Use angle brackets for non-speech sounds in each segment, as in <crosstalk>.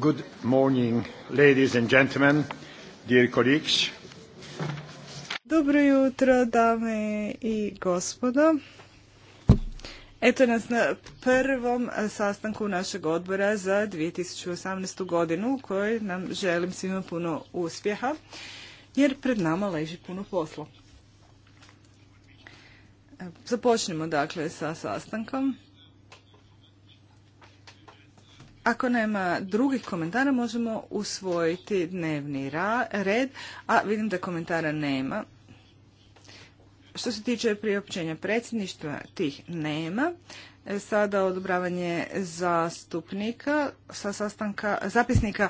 Good morning, ladies and gentlemen, dear colleagues. Dobro jutro, dame i gospodo. Eto nas na prvom sastanku našeg odbora za 2018. godinu u kojoj nam želim svima puno uspjeha jer pred nama leži puno posla. Započnimo, dakle sa sastankom. Ako nema drugih komentara možemo usvojiti dnevni red, a vidim da komentara nema. Što se tiče priopćenja predsjedništva, tih nema. E, sada odobravanje zastupnika sa sastanka zapisnika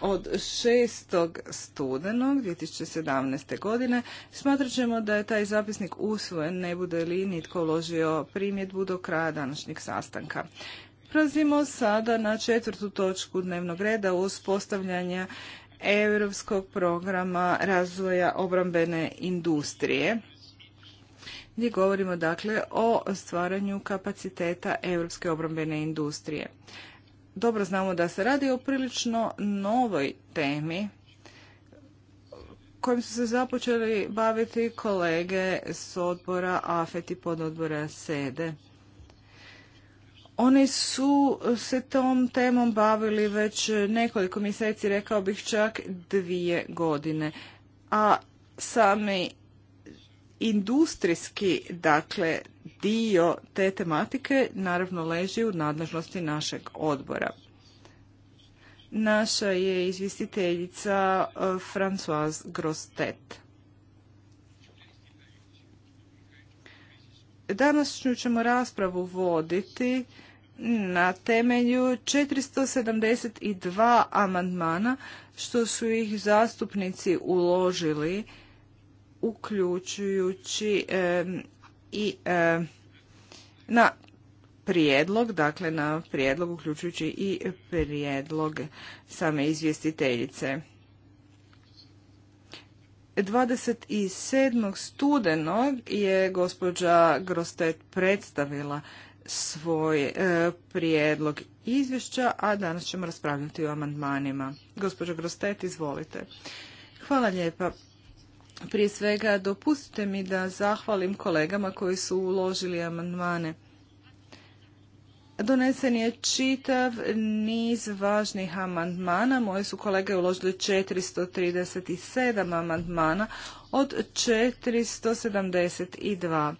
od 6. studenog 2017. godine. Smatrat ćemo da je taj zapisnik usvojen, ne bude li nitko uložio primjedbu do kraja današnjeg sastanka. Prelazimo sada na četvrtu točku dnevnog reda uspostavljanja Europskog programa razvoja obrambene industrije gdje govorimo dakle o stvaranju kapaciteta europske obrambene industrije. Dobro znamo da se radi o prilično novoj temi kojim su se započeli baviti kolege s odbora AFET i pododbora SEDE. Oni su se tom temom bavili već nekoliko mjeseci, rekao bih čak dvije godine. A sami industrijski, dakle, dio te tematike naravno leži u nadležnosti našeg odbora. Naša je izvjestiteljica e, Françoise Grostet. Danas ćemo raspravu voditi na temelju 472 amandmana što su ih zastupnici uložili uključujući i na prijedlog, dakle na prijedlog uključujući i prijedlog same izvjestiteljice. 27. studenog je gospođa Grostet predstavila svoj e, prijedlog izvješća, a danas ćemo raspravljati o amandmanima. Gospođo Grostet, izvolite. Hvala lijepa. Prije svega dopustite mi da zahvalim kolegama koji su uložili amandmane. Donesen je čitav niz važnih amandmana. Moje su kolege uložili 437 amandmana od 472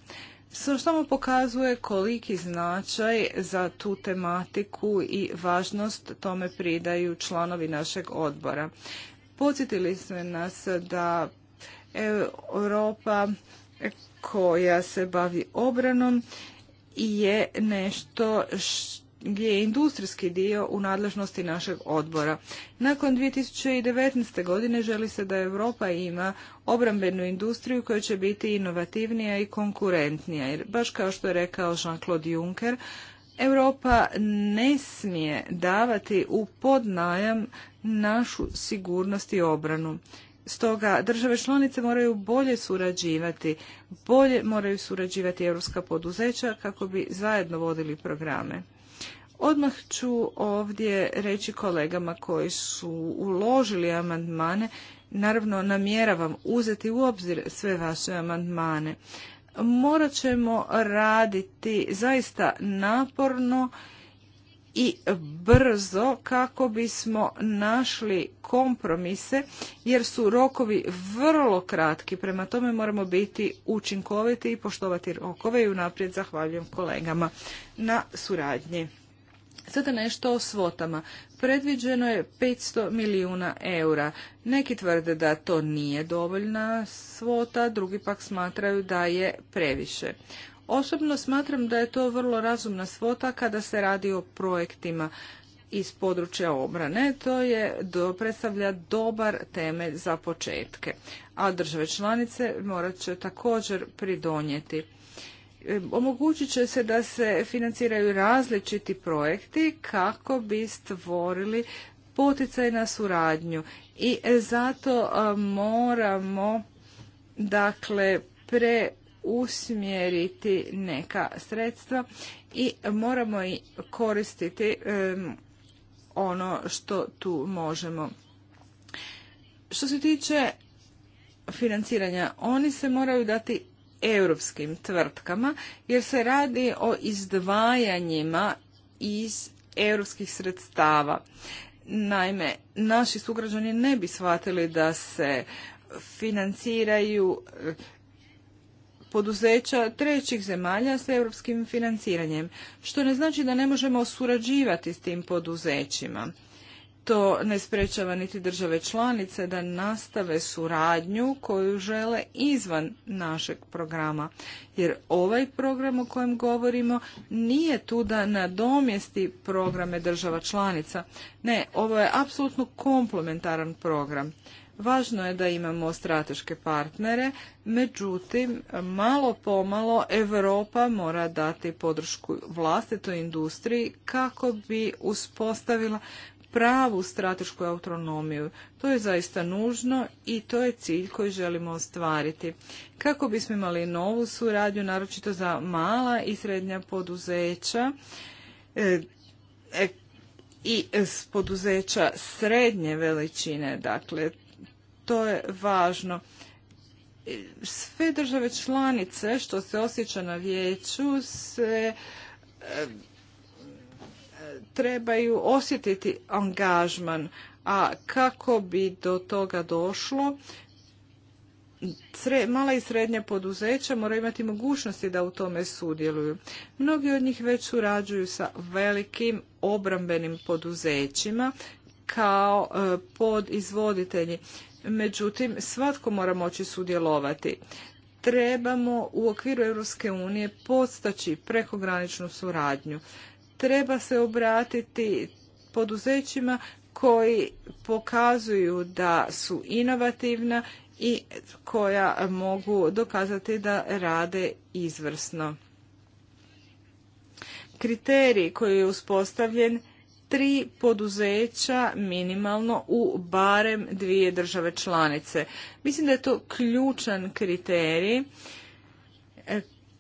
samo pokazuje koliki značaj za tu tematiku i važnost tome pridaju članovi našeg odbora. Podsjetili su nas da Europa koja se bavi obranom je nešto što gdje je industrijski dio u nadležnosti našeg odbora. Nakon 2019. godine želi se da Europa ima obrambenu industriju koja će biti inovativnija i konkurentnija. Jer baš kao što je rekao Jean-Claude Juncker, Europa ne smije davati u podnajam našu sigurnost i obranu. Stoga države članice moraju bolje surađivati, bolje moraju surađivati europska poduzeća kako bi zajedno vodili programe. Odmah ću ovdje reći kolegama koji su uložili amandmane, naravno namjeravam uzeti u obzir sve vaše amandmane. Morat ćemo raditi zaista naporno i brzo kako bismo našli kompromise jer su rokovi vrlo kratki. Prema tome moramo biti učinkoviti i poštovati rokove i unaprijed zahvaljujem kolegama na suradnji. Sada nešto o svotama. Predviđeno je 500 milijuna eura. Neki tvrde da to nije dovoljna svota, drugi pak smatraju da je previše. Osobno smatram da je to vrlo razumna svota kada se radi o projektima iz područja obrane, to je predstavlja dobar temelj za početke, a države članice morat će također pridonijeti. E, omogućit će se da se financiraju različiti projekti kako bi stvorili poticaj na suradnju i zato e, moramo dakle preusmjeriti neka sredstva i moramo i koristiti e, ono što tu možemo. Što se tiče financiranja, oni se moraju dati europskim tvrtkama jer se radi o izdvajanjima iz europskih sredstava. Naime, naši sugrađani ne bi shvatili da se financiraju eh, poduzeća trećih zemalja s europskim financiranjem, što ne znači da ne možemo surađivati s tim poduzećima to ne sprečava niti države članice da nastave suradnju koju žele izvan našeg programa. Jer ovaj program o kojem govorimo nije tu da nadomjesti programe država članica. Ne, ovo je apsolutno komplementaran program. Važno je da imamo strateške partnere, međutim, malo pomalo Europa mora dati podršku vlastitoj industriji kako bi uspostavila pravu stratešku autonomiju. To je zaista nužno i to je cilj koji želimo ostvariti. Kako bismo imali novu suradnju, naročito za mala i srednja poduzeća e, e, i poduzeća srednje veličine, dakle, to je važno. E, sve države članice što se osjeća na vijeću se trebaju osjetiti angažman, a kako bi do toga došlo, mala i srednja poduzeća moraju imati mogućnosti da u tome sudjeluju. Mnogi od njih već surađuju sa velikim obrambenim poduzećima kao e, podizvoditelji. Međutim, svatko mora moći sudjelovati. Trebamo u okviru Europske unije podstaći prekograničnu suradnju treba se obratiti poduzećima koji pokazuju da su inovativna i koja mogu dokazati da rade izvrsno. Kriterij koji je uspostavljen tri poduzeća minimalno u barem dvije države članice. Mislim da je to ključan kriterij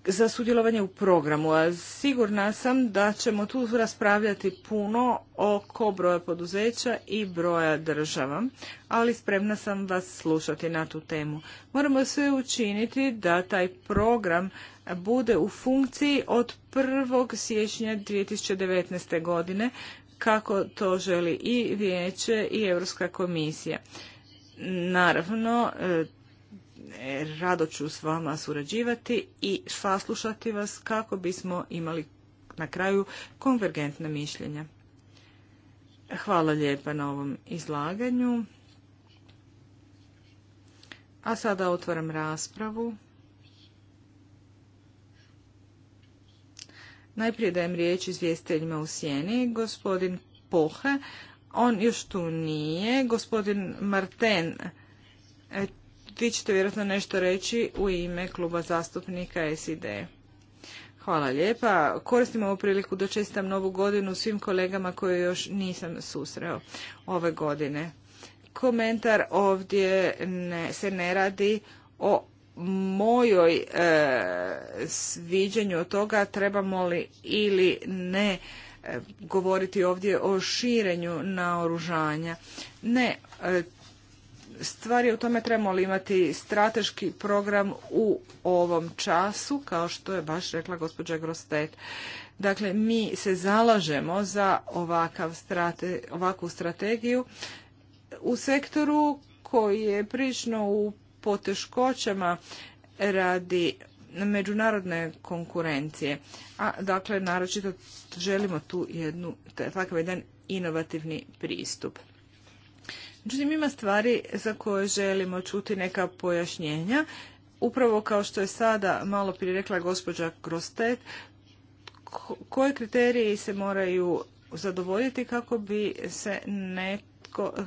za sudjelovanje u programu. A sigurna sam da ćemo tu raspravljati puno oko broja poduzeća i broja država, ali spremna sam vas slušati na tu temu. Moramo sve učiniti da taj program bude u funkciji od 1. siječnja 2019. godine kako to želi i vijeće i Europska komisija. Naravno, rado ću s vama surađivati i saslušati vas kako bismo imali na kraju konvergentna mišljenja. Hvala lijepa na ovom izlaganju. A sada otvaram raspravu. Najprije dajem riječ izvjestiteljima u sjeni. Gospodin Pohe, on još tu nije. Gospodin Marten vi ćete vjerojatno nešto reći u ime kluba zastupnika SID. Hvala lijepa. Koristim ovu priliku da čestitam novu godinu svim kolegama koje još nisam susreo ove godine. Komentar ovdje ne, se ne radi o mojoj e, sviđanju od toga trebamo li ili ne e, govoriti ovdje o širenju naoružanja. Ne, e, Stvar je u tome trebamo li imati strateški program u ovom času, kao što je baš rekla gospođa Grostet. Dakle, mi se zalažemo za ovakvu strategiju u sektoru koji je prično u poteškoćama radi međunarodne konkurencije. A, dakle, naročito želimo tu jednu, takav jedan inovativni pristup. Međutim, ima stvari za koje želimo čuti neka pojašnjenja. Upravo kao što je sada malo prije rekla gospođa Grostet, koje kriteriji se moraju zadovoljiti kako bi se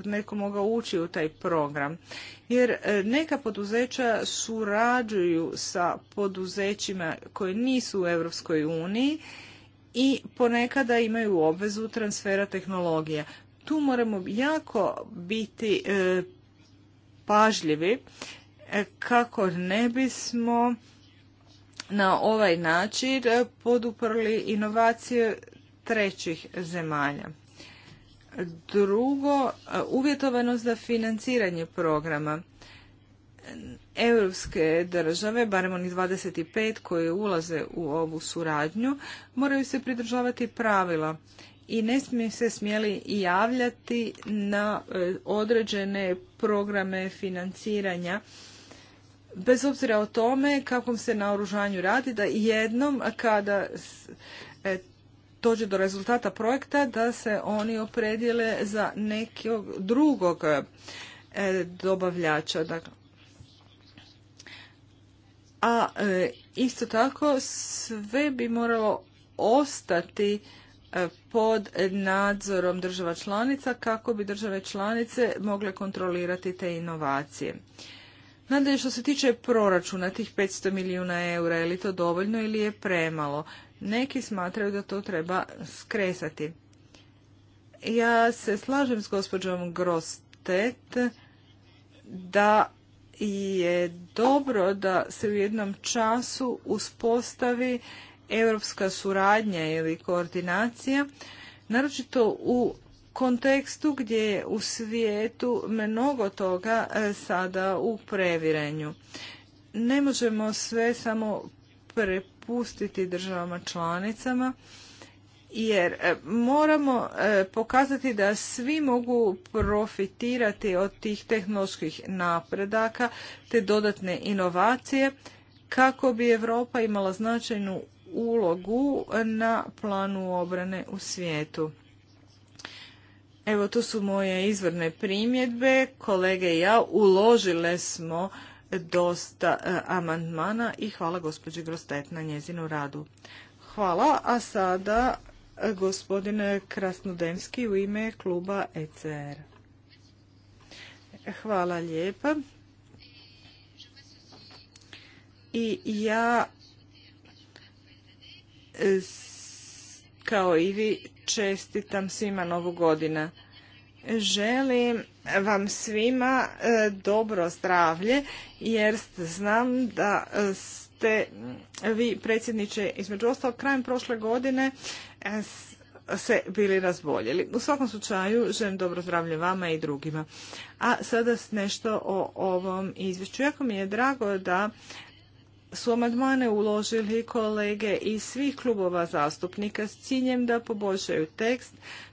netko, mogao ući u taj program. Jer e, neka poduzeća surađuju sa poduzećima koje nisu u Europskoj uniji i ponekada imaju obvezu transfera tehnologija. Tu moramo jako biti e, pažljivi e, kako ne bismo na ovaj način poduprli inovacije trećih zemalja. Drugo, e, uvjetovano za financiranje programa. Europske države, barem oni 25 koje ulaze u ovu suradnju, moraju se pridržavati pravila i ne smije se smjeli i javljati na e, određene programe financiranja bez obzira o tome kakvom se naoružanju radi da jednom kada e, dođe do rezultata projekta da se oni opredijele za nekog drugog e, dobavljača. Dakle. A isto tako sve bi moralo ostati pod nadzorom država članica kako bi države članice mogle kontrolirati te inovacije. Nadalje, što se tiče proračuna, tih 500 milijuna eura, je li to dovoljno ili je premalo? Neki smatraju da to treba skresati. Ja se slažem s gospođom Grostet da je dobro da se u jednom času uspostavi europska suradnja ili koordinacija, naročito u kontekstu gdje je u svijetu mnogo toga e, sada u previrenju. Ne možemo sve samo prepustiti državama članicama, jer e, moramo e, pokazati da svi mogu profitirati od tih tehnoloških napredaka te dodatne inovacije kako bi Europa imala značajnu ulogu na planu obrane u svijetu. Evo, to su moje izvorne primjedbe. Kolege i ja uložile smo dosta e, amandmana i hvala gospođi Grostet na njezinu radu. Hvala, a sada e, gospodine Krasnodemski u ime kluba ECR. Hvala lijepa. I ja kao i vi čestitam svima novu godina. Želim vam svima e, dobro zdravlje jer znam da ste vi predsjedniče između ostalog krajem prošle godine e, se bili razboljeli. U svakom slučaju želim dobro zdravlje vama i drugima. A sada nešto o ovom izvješću. Jako mi je drago da su amandmane uložili kolege iz svih klubova zastupnika s ciljem da poboljšaju tekst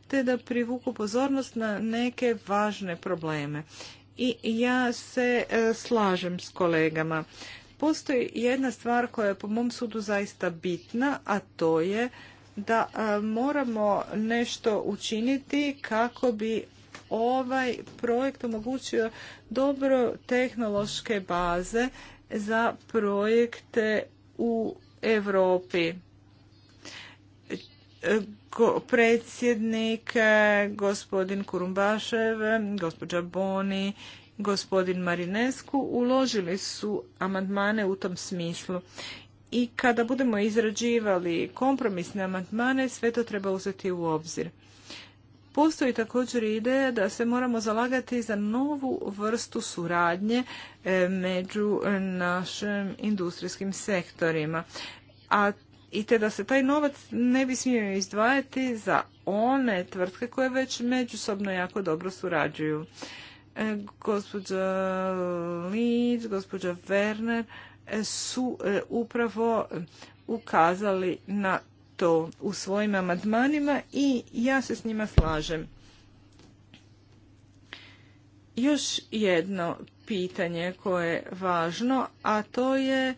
te da privuku pozornost na neke važne probleme. I ja se e, slažem s kolegama. Postoji jedna stvar koja je po mom sudu zaista bitna, a to je da e, moramo nešto učiniti kako bi ovaj projekt omogućio dobro tehnološke baze za projekte u Europi. Predsjednik gospodin Kurumbašev, gospođa Boni, gospodin Marinesku uložili su amandmane u tom smislu. I kada budemo izrađivali kompromisne amandmane, sve to treba uzeti u obzir. Postoji također ideja da se moramo zalagati za novu vrstu suradnje e, među našim industrijskim sektorima. A i te da se taj novac ne bi smio izdvajati za one tvrtke koje već međusobno jako dobro surađuju. E, gospođa Lic, gospođa Werner e, su upravo ukazali na to u svojim amandmanima i ja se s njima slažem. Još jedno pitanje koje je važno, a to je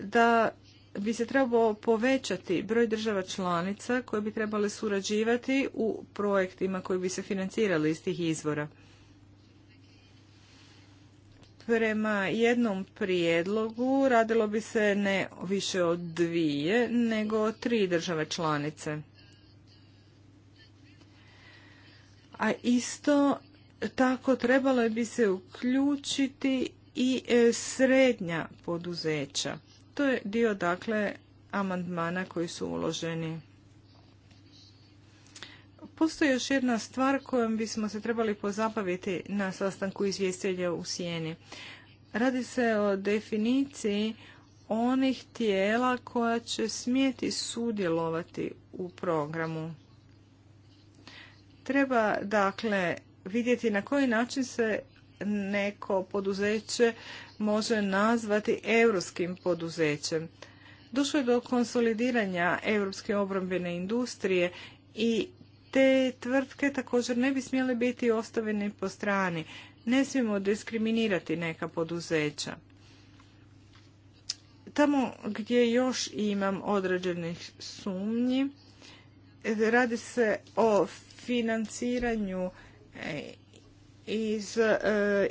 da bi se trebalo povećati broj država članica koje bi trebale surađivati u projektima koji bi se financirali iz tih izvora prema jednom prijedlogu radilo bi se ne više od dvije, nego tri države članice. A isto tako trebalo bi se uključiti i e, srednja poduzeća. To je dio dakle amandmana koji su uloženi. Postoji još jedna stvar kojom bismo se trebali pozabaviti na sastanku izvjestelja u Sijeni. Radi se o definiciji onih tijela koja će smijeti sudjelovati u programu. Treba dakle vidjeti na koji način se neko poduzeće može nazvati europskim poduzećem. Došlo je do konsolidiranja europske obrambene industrije i te tvrtke također ne bi smjele biti ostavljene po strani. Ne smijemo diskriminirati neka poduzeća. Tamo gdje još imam određenih sumnji, radi se o financiranju e, iz e,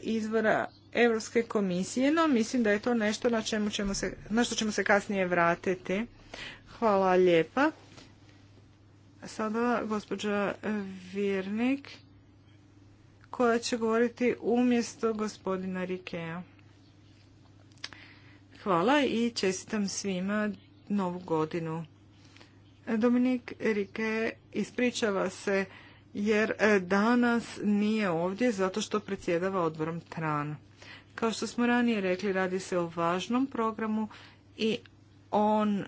izvora Europske komisije, no mislim da je to nešto na, čemu ćemo se, na što ćemo se kasnije vratiti. Hvala lijepa sada gospođa Virnik koja će govoriti umjesto gospodina Rikea. Hvala i čestitam svima novu godinu. Dominik Rike ispričava se jer e, danas nije ovdje zato što predsjedava odborom TRAN. Kao što smo ranije rekli, radi se o važnom programu i on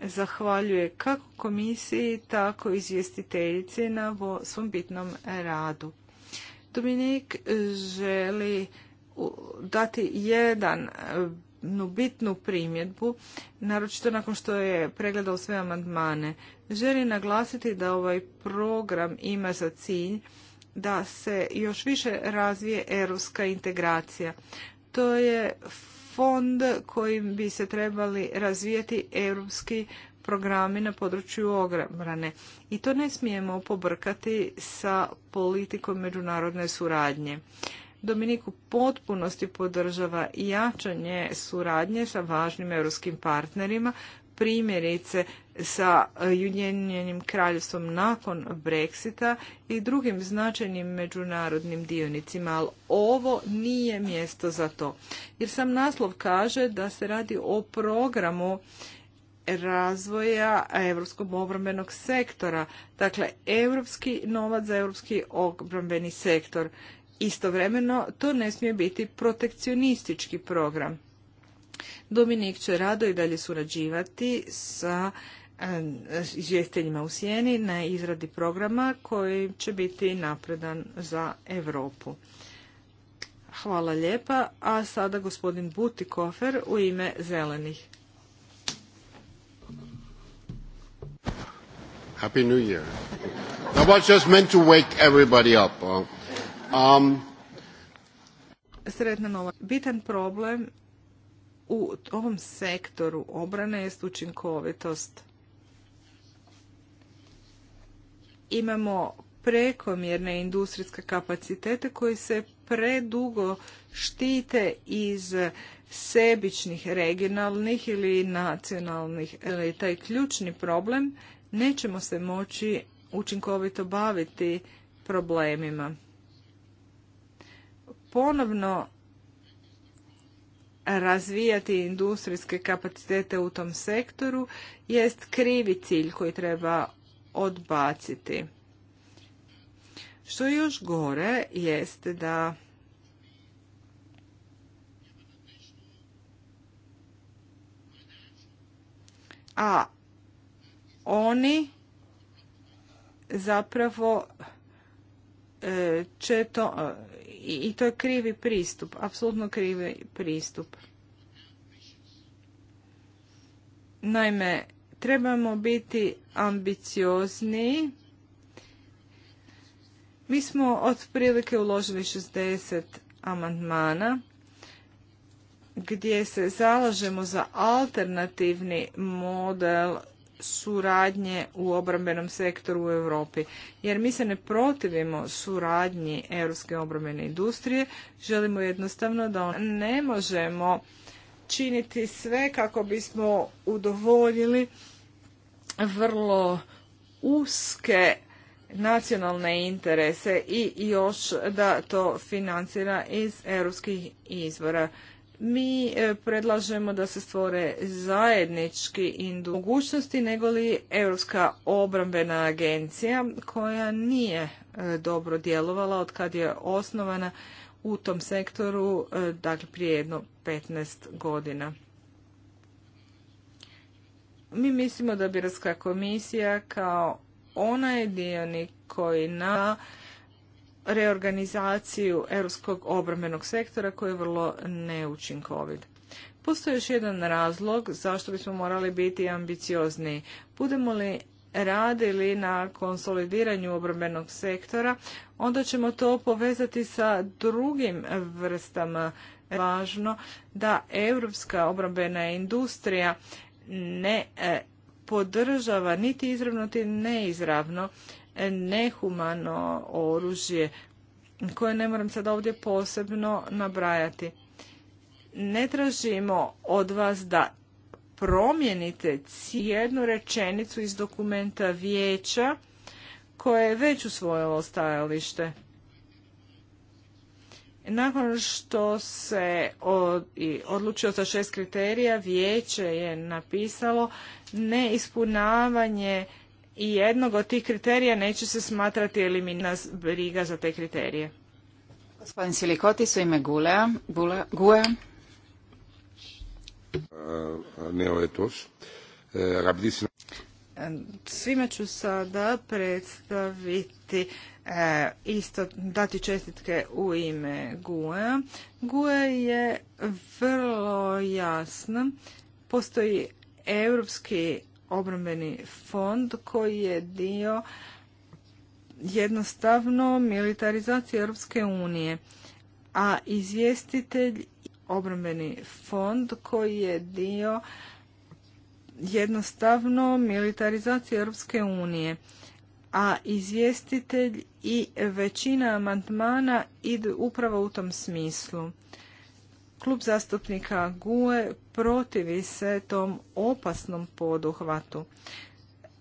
zahvaljuje kako komisiji, tako i izvjestiteljici na svom bitnom radu. Dominik želi dati jedan e, bitnu primjedbu, naročito nakon što je pregledao sve amandmane. Želi naglasiti da ovaj program ima za cilj da se još više razvije europska integracija. To je fond kojim bi se trebali razvijati europski programi na području obrane. I to ne smijemo pobrkati sa politikom međunarodne suradnje. Dominik u potpunosti podržava jačanje suradnje sa važnim europskim partnerima primjerice sa Ujedinjenim kraljevstvom nakon Brexita i drugim značajnim međunarodnim dionicima, ali ovo nije mjesto za to. Jer sam naslov kaže da se radi o programu razvoja europskog obrambenog sektora. Dakle, europski novac za europski obrambeni sektor. Istovremeno, to ne smije biti protekcionistički program. Dominik će rado i dalje surađivati sa eh, izvjestiteljima u sjeni na izradi programa koji će biti napredan za Europu. Hvala lijepa, a sada gospodin kofer u ime zelenih. Happy New Year. I was just meant to wake everybody up. Um, Sretna nova. Bitan problem u ovom sektoru obrane jest učinkovitost. Imamo prekomjerne industrijske kapacitete koji se predugo štite iz sebičnih regionalnih ili nacionalnih. Ili taj ključni problem nećemo se moći učinkovito baviti problemima. Ponovno razvijati industrijske kapacitete u tom sektoru jest krivi cilj koji treba odbaciti. Što još gore jest da a oni zapravo e, će to i to je krivi pristup, apsolutno krivi pristup. Naime, trebamo biti ambiciozni. Mi smo otprilike uložili 60 amandmana gdje se zalažemo za alternativni model suradnje u obrambenom sektoru u Europi. Jer mi se ne protivimo suradnji europske obrambene industrije, želimo jednostavno da ne možemo činiti sve kako bismo udovoljili vrlo uske nacionalne interese i još da to financira iz europskih izvora mi e, predlažemo da se stvore zajednički indu mogućnosti nego li Europska obrambena agencija koja nije e, dobro djelovala od kad je osnovana u tom sektoru e, dakle prije jedno 15 godina. Mi mislimo da Biratska komisija kao onaj dionik koji na reorganizaciju europskog obrambenog sektora koji je vrlo neučinkovit. Postoji još jedan razlog zašto bismo morali biti ambiciozni. Budemo li radili na konsolidiranju obrambenog sektora, onda ćemo to povezati sa drugim vrstama. Važno da europska obrambena industrija ne eh, podržava niti izravno, niti neizravno nehumano oružje koje ne moram sad ovdje posebno nabrajati. Ne tražimo od vas da promijenite cijednu rečenicu iz dokumenta vijeća koje je već usvojilo stajalište. Nakon što se odlučio za šest kriterija, vijeće je napisalo neispunavanje i jednog od tih kriterija neće se smatrati ili briga za te kriterije. Gospodin Silikotis u ime Gulea. E, Svima ću sada predstaviti e, isto dati čestitke u ime GUE. GUE je vrlo jasna. Postoji europski obrambeni fond koji je dio jednostavno militarizacije Europske unije, a izvjestitelj obrambeni fond koji je dio jednostavno militarizacije Europske unije, a izvjestitelj i većina amandmana idu upravo u tom smislu. Klub zastupnika GUE protivi se tom opasnom poduhvatu.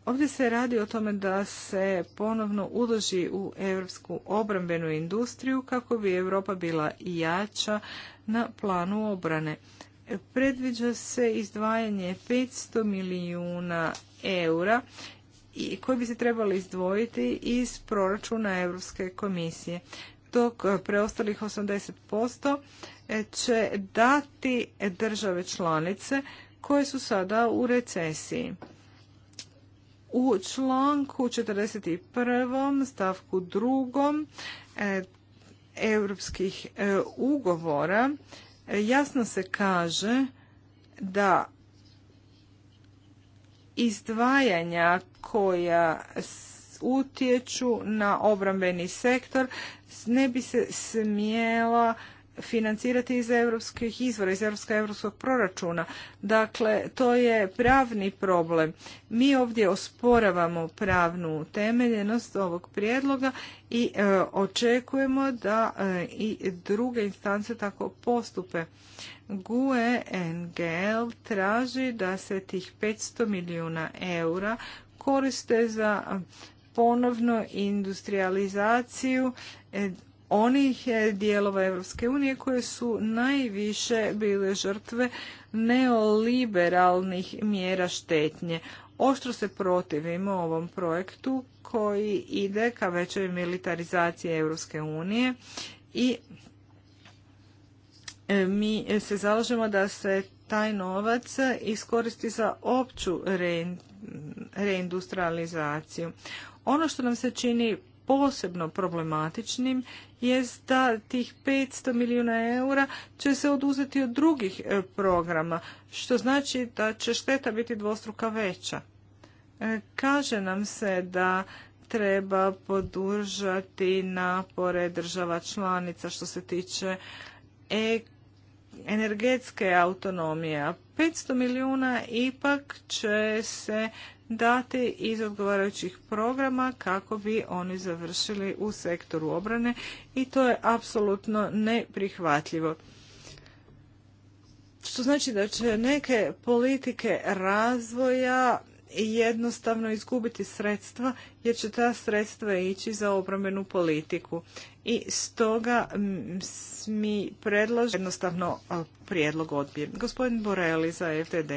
Ovdje se radi o tome da se ponovno uloži u europsku obrambenu industriju kako bi Europa bila jača na planu obrane. Predviđa se izdvajanje 500 milijuna eura i koji bi se trebali izdvojiti iz proračuna Europske komisije, dok preostalih 80% će dati države članice koje su sada u recesiji. U članku 41. stavku 2. E, europskih e, ugovora e, jasno se kaže da izdvajanja koja utječu na obrambeni sektor ne bi se smjela financirati iz europskih izvora, iz europskog proračuna. Dakle, to je pravni problem. Mi ovdje osporavamo pravnu temeljenost ovog prijedloga i e, očekujemo da e, i druge instance tako postupe. GUE NGL traži da se tih 500 milijuna eura koriste za ponovno industrializaciju e, onih e, dijelova Europske unije koje su najviše bile žrtve neoliberalnih mjera štetnje. Oštro se protivimo ovom projektu koji ide ka većoj militarizaciji Europske unije i e, mi se zalažemo da se taj novac iskoristi za opću reindustrializaciju. Ono što nam se čini posebno problematičnim je da tih 500 milijuna eura će se oduzeti od drugih e, programa, što znači da će šteta biti dvostruka veća. E, kaže nam se da treba podužati napore država članica što se tiče e, energetske autonomije, 500 milijuna ipak će se dati iz odgovarajućih programa kako bi oni završili u sektoru obrane i to je apsolutno neprihvatljivo. Što znači da će neke politike razvoja jednostavno izgubiti sredstva jer će ta sredstva ići za obrambenu politiku. I stoga mi predlažem jednostavno prijedlog odbije. Gospodin Boreli za FTD.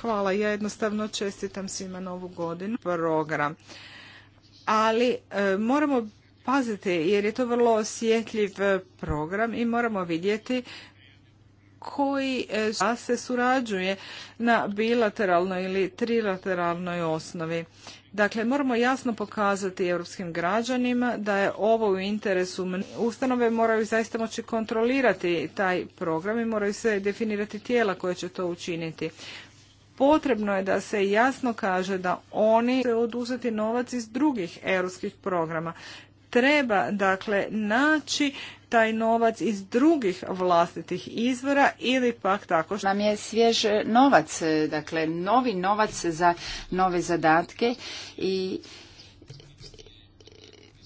Hvala i... ja jednostavno čestitam svima novu godinu program. Ali e, moramo paziti jer je to vrlo osjetljiv e, program i moramo vidjeti koji e, se surađuje na bilateralnoj ili trilateralnoj osnovi. Dakle, moramo jasno pokazati europskim građanima da je ovo u interesu. Ustanove moraju zaista moći kontrolirati taj program i moraju se definirati tijela koje će to učiniti. Potrebno je da se jasno kaže da oni će oduzeti novac iz drugih europskih programa treba dakle naći taj novac iz drugih vlastitih izvora ili pak tako što nam je svjež novac, e, dakle novi novac za nove zadatke i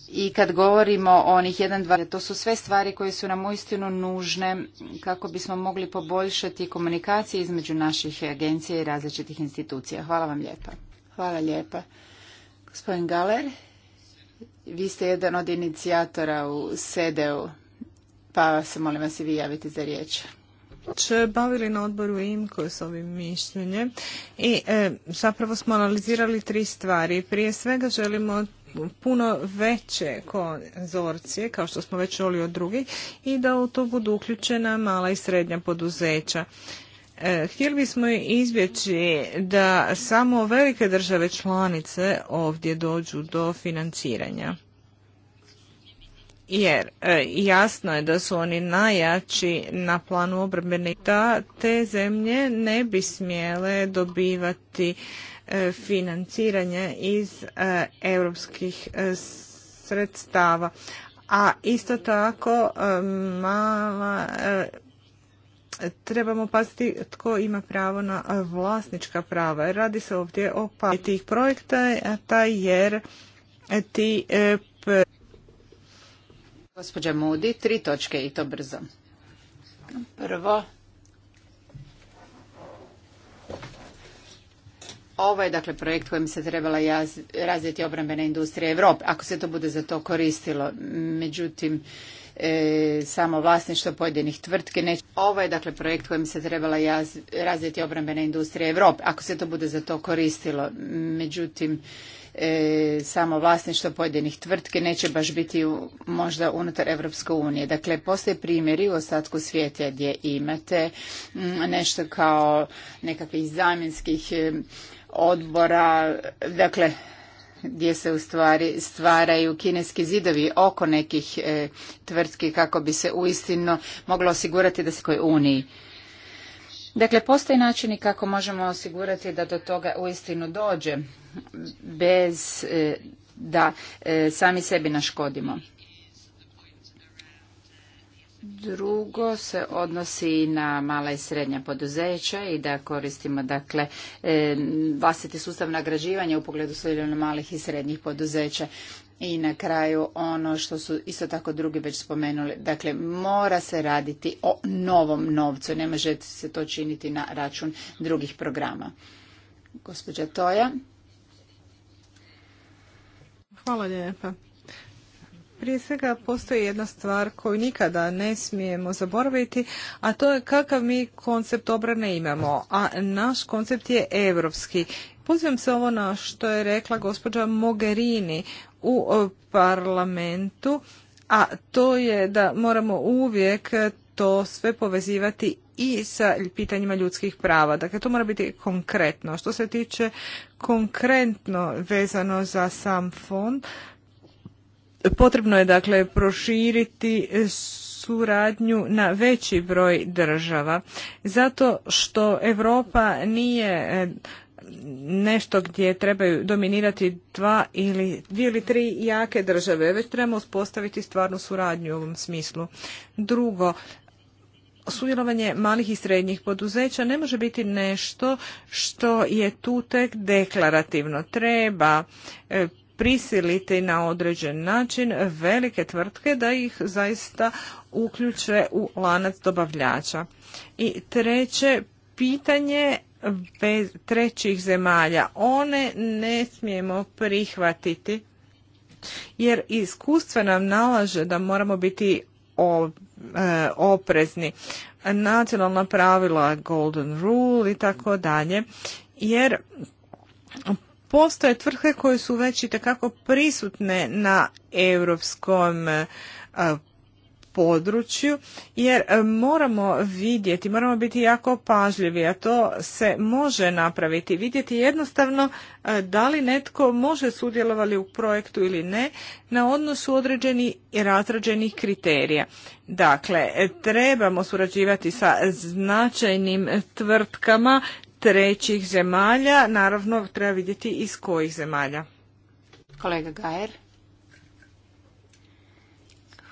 i kad govorimo o onih dva... to su sve stvari koje su nam uistinu nužne kako bismo mogli poboljšati komunikacije između naših agencija i različitih institucija. Hvala vam lijepa. Hvala lijepa. Gospodin Galer. Vi ste jedan od inicijatora u SEDEU, pa se molim vas i vi javiti za riječ bavili na odboru koje s ovim mišljenjem i e, zapravo smo analizirali tri stvari. Prije svega želimo puno veće konzorcije, kao što smo već čuli od drugih, i da u to budu uključena mala i srednja poduzeća. Htjeli bismo izbjeći da samo velike države članice ovdje dođu do financiranja. Jer e, jasno je da su oni najjači na planu obrambene da te zemlje ne bi smjele dobivati e, financiranje iz e, europskih sredstava. A isto tako mala trebamo paziti tko ima pravo na vlasnička prava. Radi se ovdje o pa tih projekta, taj jer ti... E, p... Gospođa Mudi, tri točke i to brzo. Prvo, ovo je dakle projekt kojim se trebala razviti obrambena industrija Europe, ako se to bude za to koristilo. Međutim, E, samo vlasništvo pojedinih tvrtke. Neće. Ovo je dakle projekt kojim se trebala jaz, razviti obrambena industrija Europe, ako se to bude za to koristilo. Međutim, e, samo vlasništvo pojedinih tvrtke neće baš biti u, možda unutar Europske unije. Dakle, postoje primjeri u ostatku svijeta gdje imate mm, nešto kao nekakvih zamjenskih e, odbora, dakle, gdje se u stvari stvaraju kineski zidovi oko nekih e, tvrtki kako bi se uistinu moglo osigurati da se koji uniji. Dakle, postoje načini kako možemo osigurati da do toga uistinu dođe bez e, da e, sami sebi naškodimo. Drugo se odnosi na mala i srednja poduzeća i da koristimo dakle e, vlastiti sustav nagrađivanja u pogledu sudjelovanja malih i srednjih poduzeća. I na kraju ono što su isto tako drugi već spomenuli, dakle mora se raditi o novom novcu, ne može se to činiti na račun drugih programa. Gospođa Toja. Hvala lijepa. Prije svega postoji jedna stvar koju nikada ne smijemo zaboraviti, a to je kakav mi koncept obrane imamo, a naš koncept je europski. Pozivam se ovo na što je rekla gospođa Mogherini u e, parlamentu, a to je da moramo uvijek to sve povezivati i sa pitanjima ljudskih prava. Dakle, to mora biti konkretno. Što se tiče konkretno vezano za sam fond, Potrebno je dakle proširiti suradnju na veći broj država zato što Europa nije eh, nešto gdje trebaju dominirati dva ili dvije ili tri jake države, već trebamo uspostaviti stvarnu suradnju u ovom smislu. Drugo, sudjelovanje malih i srednjih poduzeća ne može biti nešto što je tu tek deklarativno. Treba eh, prisiliti na određen način velike tvrtke da ih zaista uključe u lanac dobavljača. I treće pitanje bez trećih zemalja. One ne smijemo prihvatiti jer iskustva nam nalaže da moramo biti e, oprezni. Nacionalna pravila, golden rule i tako dalje. Jer postoje tvrtke koje su već i prisutne na europskom e, području jer e, moramo vidjeti, moramo biti jako pažljivi, a to se može napraviti, vidjeti jednostavno e, da li netko može sudjelovali u projektu ili ne na odnosu određenih i razrađenih kriterija. Dakle, trebamo surađivati sa značajnim tvrtkama trećih zemalja, naravno treba vidjeti iz kojih zemalja. Kolega Gajer.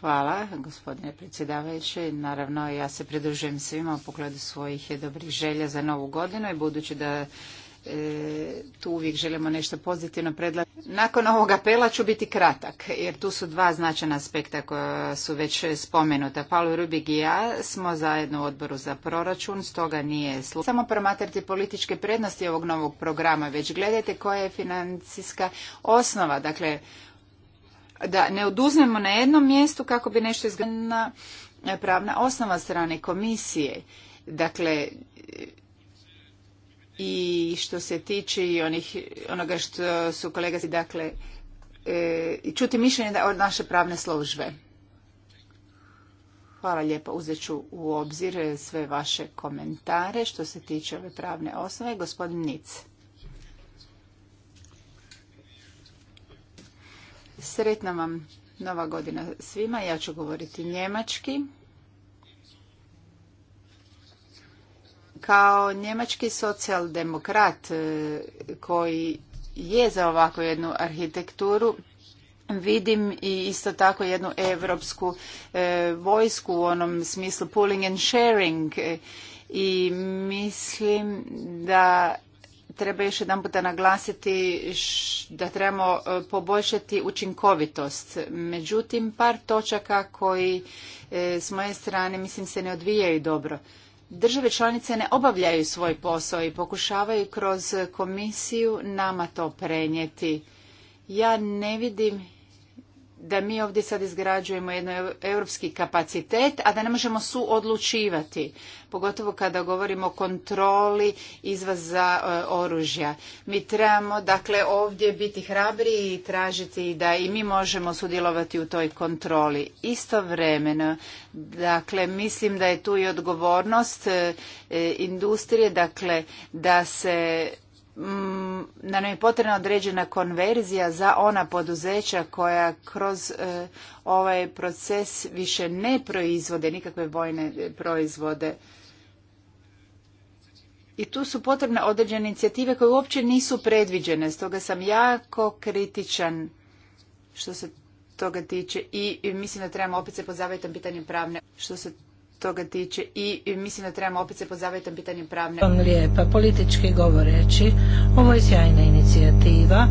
Hvala, gospodine predsjedavajući. Naravno, ja se pridružujem svima u pogledu svojih dobrih želja za novu godinu i budući da E, tu uvijek želimo nešto pozitivno predlagati. Nakon ovog apela ću biti kratak, jer tu su dva značajna aspekta koja su već spomenuta. Paolo Rubig i ja smo zajedno u odboru za proračun, stoga nije slučaj. Samo promatrati političke prednosti ovog novog programa, već gledajte koja je financijska osnova. Dakle, da ne oduzmemo na jednom mjestu kako bi nešto izgledalo pravna osnova strane komisije. Dakle, i što se tiče onih, onoga što su kolega dakle e, i čuti mišljenje od naše pravne službe. Hvala lijepo. Uzet ću u obzir sve vaše komentare što se tiče ove pravne osnove. Gospodin Nic. Sretna vam nova godina svima. Ja ću govoriti njemački. Kao njemački socijaldemokrat e, koji je za ovakvu jednu arhitekturu, vidim i isto tako jednu europsku e, vojsku u onom smislu pooling and sharing e, i mislim da treba još jedan puta naglasiti da trebamo poboljšati učinkovitost. Međutim, par točaka koji s moje strane mislim se ne odvijaju dobro države članice ne obavljaju svoj posao i pokušavaju kroz komisiju nama to prenijeti. Ja ne vidim da mi ovdje sad izgrađujemo jedan europski kapacitet, a da ne možemo su odlučivati, pogotovo kada govorimo o kontroli izvaza e, oružja. Mi trebamo, dakle, ovdje biti hrabri i tražiti da i mi možemo sudjelovati u toj kontroli. Istovremeno, dakle, mislim da je tu i odgovornost e, e, industrije, dakle, da se Mm, da nam je potrebna određena konverzija za ona poduzeća koja kroz e, ovaj proces više ne proizvode nikakve vojne e, proizvode. I tu su potrebne određene inicijative koje uopće nisu predviđene. Stoga sam jako kritičan što se toga tiče i, i mislim da trebamo opet se pozabaviti pitanjem pravne. Što se toga tiče i mislim da trebamo opet se pozabaviti pitanjem pravne. Vam lijepa, politički govoreći, ovo je sjajna inicijativa,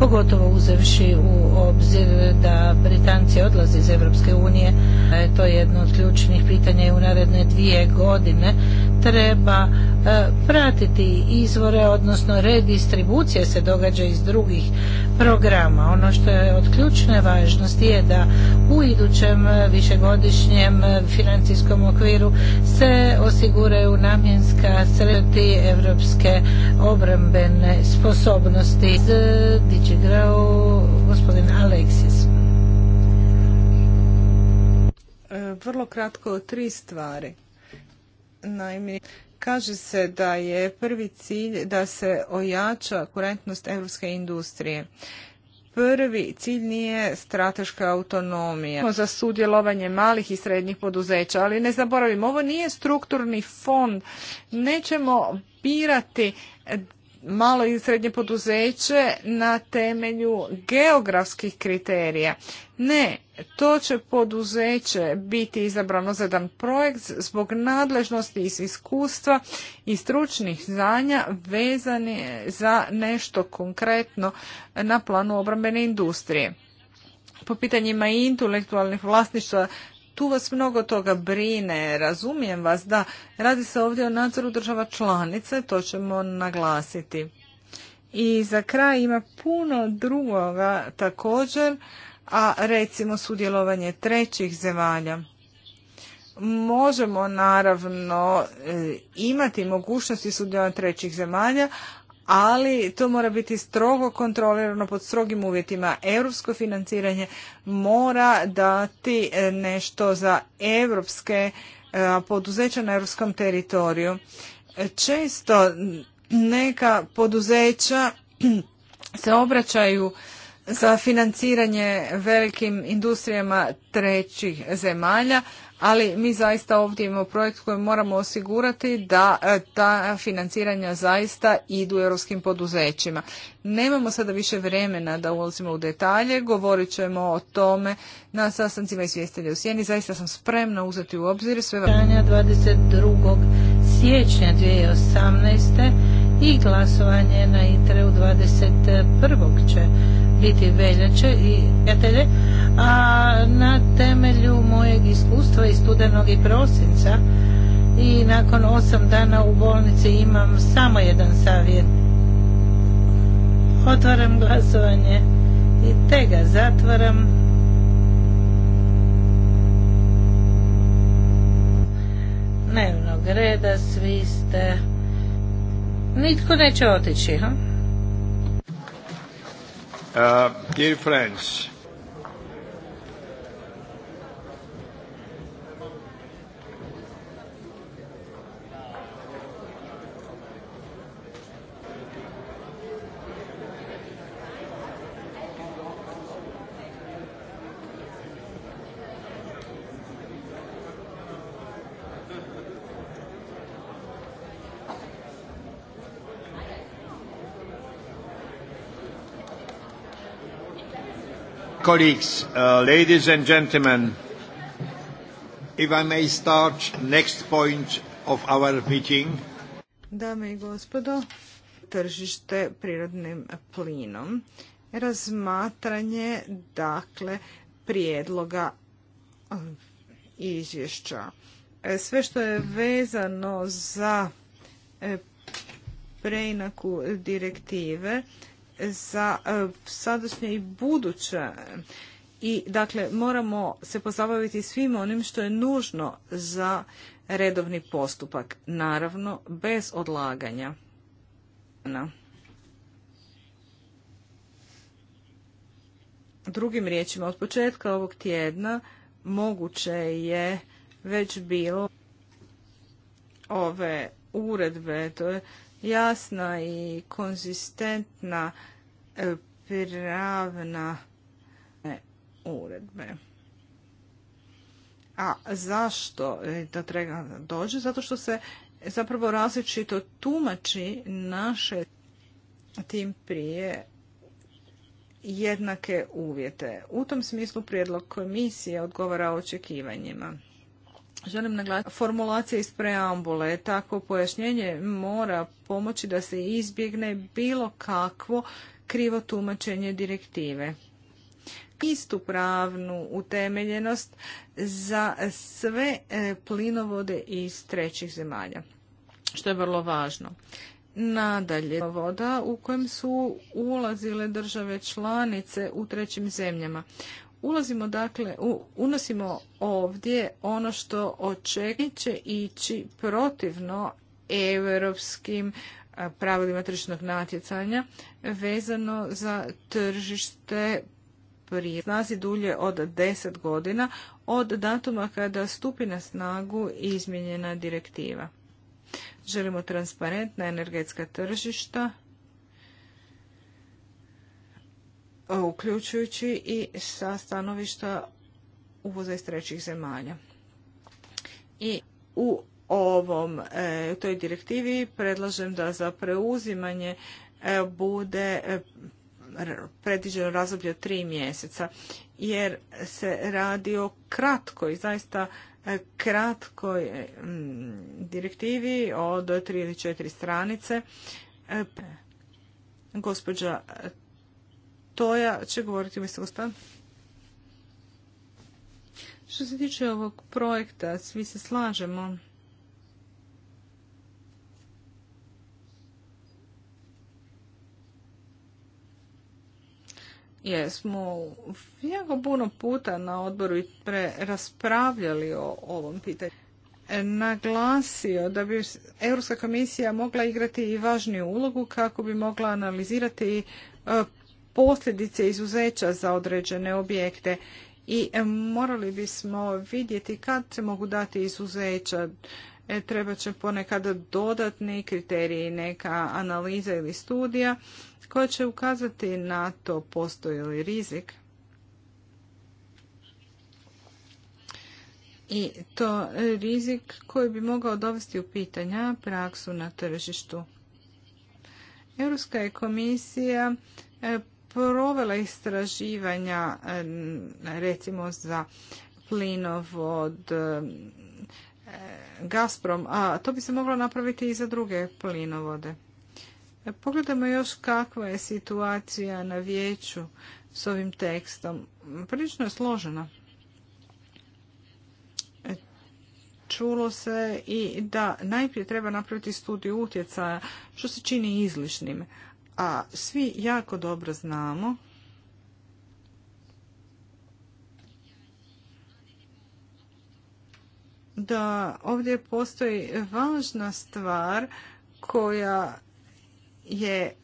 pogotovo uzevši u obzir da Britanci odlaze iz Europske unije, e, to je jedno od ključnih pitanja i u naredne dvije godine treba E, pratiti izvore, odnosno redistribucije se događa iz drugih programa. Ono što je od ključne važnosti je da u idućem e, višegodišnjem e, financijskom okviru se osiguraju namjenska sredi evropske obrambene sposobnosti. Digigrao gospodin Aleksis. Vrlo kratko tri stvari. Naime, Kaže se da je prvi cilj da se ojača kurentnost europske industrije. Prvi cilj nije strateška autonomija za sudjelovanje malih i srednjih poduzeća, ali ne zaboravimo, ovo nije strukturni fond. Nećemo birati malo i srednje poduzeće na temelju geografskih kriterija. Ne, to će poduzeće biti izabrano za jedan projekt zbog nadležnosti iz iskustva i stručnih znanja vezani za nešto konkretno na planu obrambene industrije. Po pitanjima intelektualnih vlasništva tu vas mnogo toga brine, razumijem vas, da, radi se ovdje o nadzoru država članice, to ćemo naglasiti. I za kraj ima puno drugoga također, a recimo sudjelovanje trećih zemalja. Možemo naravno e, imati mogućnosti sudjelovanja trećih zemalja, ali to mora biti strogo kontrolirano pod strogim uvjetima. Europsko financiranje mora dati e, nešto za europske e, poduzeća na europskom teritoriju. E, često neka poduzeća <clears throat> se obraćaju za financiranje velikim industrijama trećih zemalja, ali mi zaista ovdje imamo projekt koji moramo osigurati da e, ta financiranja zaista idu europskim poduzećima. Nemamo sada više vremena da ulazimo u detalje, govorit ćemo o tome na sastancima izvjestelja u Sjeni. Zaista sam spremna uzeti u obzir sve... 22. siječnja 2018 i glasovanje na ITRE u 21. će biti veljače i prijatelje, a na temelju mojeg iskustva i studenog i prosinca i nakon osam dana u bolnici imam samo jedan savjet. Otvaram glasovanje i te ga zatvaram. Dnevnog reda svi ste Nitko neće otići, ha? Uh, dear friends, Colleagues, uh, ladies and gentlemen, if I may start next point of our meeting. Dame i gospodo, tržište prirodnim plinom. Razmatranje, dakle, prijedloga um, izvješća. E, sve što je vezano za e, preinaku direktive za e, sadašnje i buduće i dakle moramo se pozabaviti svim onim što je nužno za redovni postupak, naravno bez odlaganja. Drugim riječima, od početka ovog tjedna moguće je već bilo ove uredbe, to je jasna i konzistentna e, pravna e, uredbe. A zašto da e, treba dođe? Zato što se zapravo različito tumači naše tim prije jednake uvjete. U tom smislu prijedlog komisije odgovara očekivanjima. Želim naglasiti formulacija iz preambule. Tako pojašnjenje mora pomoći da se izbjegne bilo kakvo krivo tumačenje direktive. Istu pravnu utemeljenost za sve e, plinovode iz trećih zemalja, što je vrlo važno. Nadalje, voda u kojem su ulazile države članice u trećim zemljama. Ulazimo dakle, u, unosimo ovdje ono što očekuje ići protivno europskim pravilima tržišnog natjecanja vezano za tržište prije snazi dulje od 10 godina od datuma kada stupi na snagu izmijenjena direktiva. Želimo transparentna energetska tržišta uključujući i sa stanovišta uvoza iz trećih zemalja. I u ovom e, toj direktivi predlažem da za preuzimanje e, bude e, predviđeno razdoblje tri mjeseca jer se radi o kratkoj, zaista kratkoj direktivi od tri ili četiri stranice. Gospođa Toja će govoriti umjesto gospodin. Što se tiče ovog projekta, svi se slažemo. Jesmo jako puno puta na odboru i pre raspravljali o ovom pitanju. E, naglasio da bi Europska komisija mogla igrati i važniju ulogu kako bi mogla analizirati e, posljedice izuzeća za određene objekte i e, morali bismo vidjeti kad se mogu dati izuzeća. E, treba će ponekad dodatni kriteriji, neka analiza ili studija koja će ukazati na to postoji li rizik. I to rizik koji bi mogao dovesti u pitanja praksu na tržištu. Europska je komisija e, provela istraživanja e, recimo za plinovod e, Gazprom, a to bi se moglo napraviti i za druge plinovode. E, pogledajmo još kakva je situacija na vijeću s ovim tekstom. Prilično je složena. Čulo se i da najprije treba napraviti studiju utjecaja, što se čini izlišnim a svi jako dobro znamo da ovdje postoji važna stvar koja je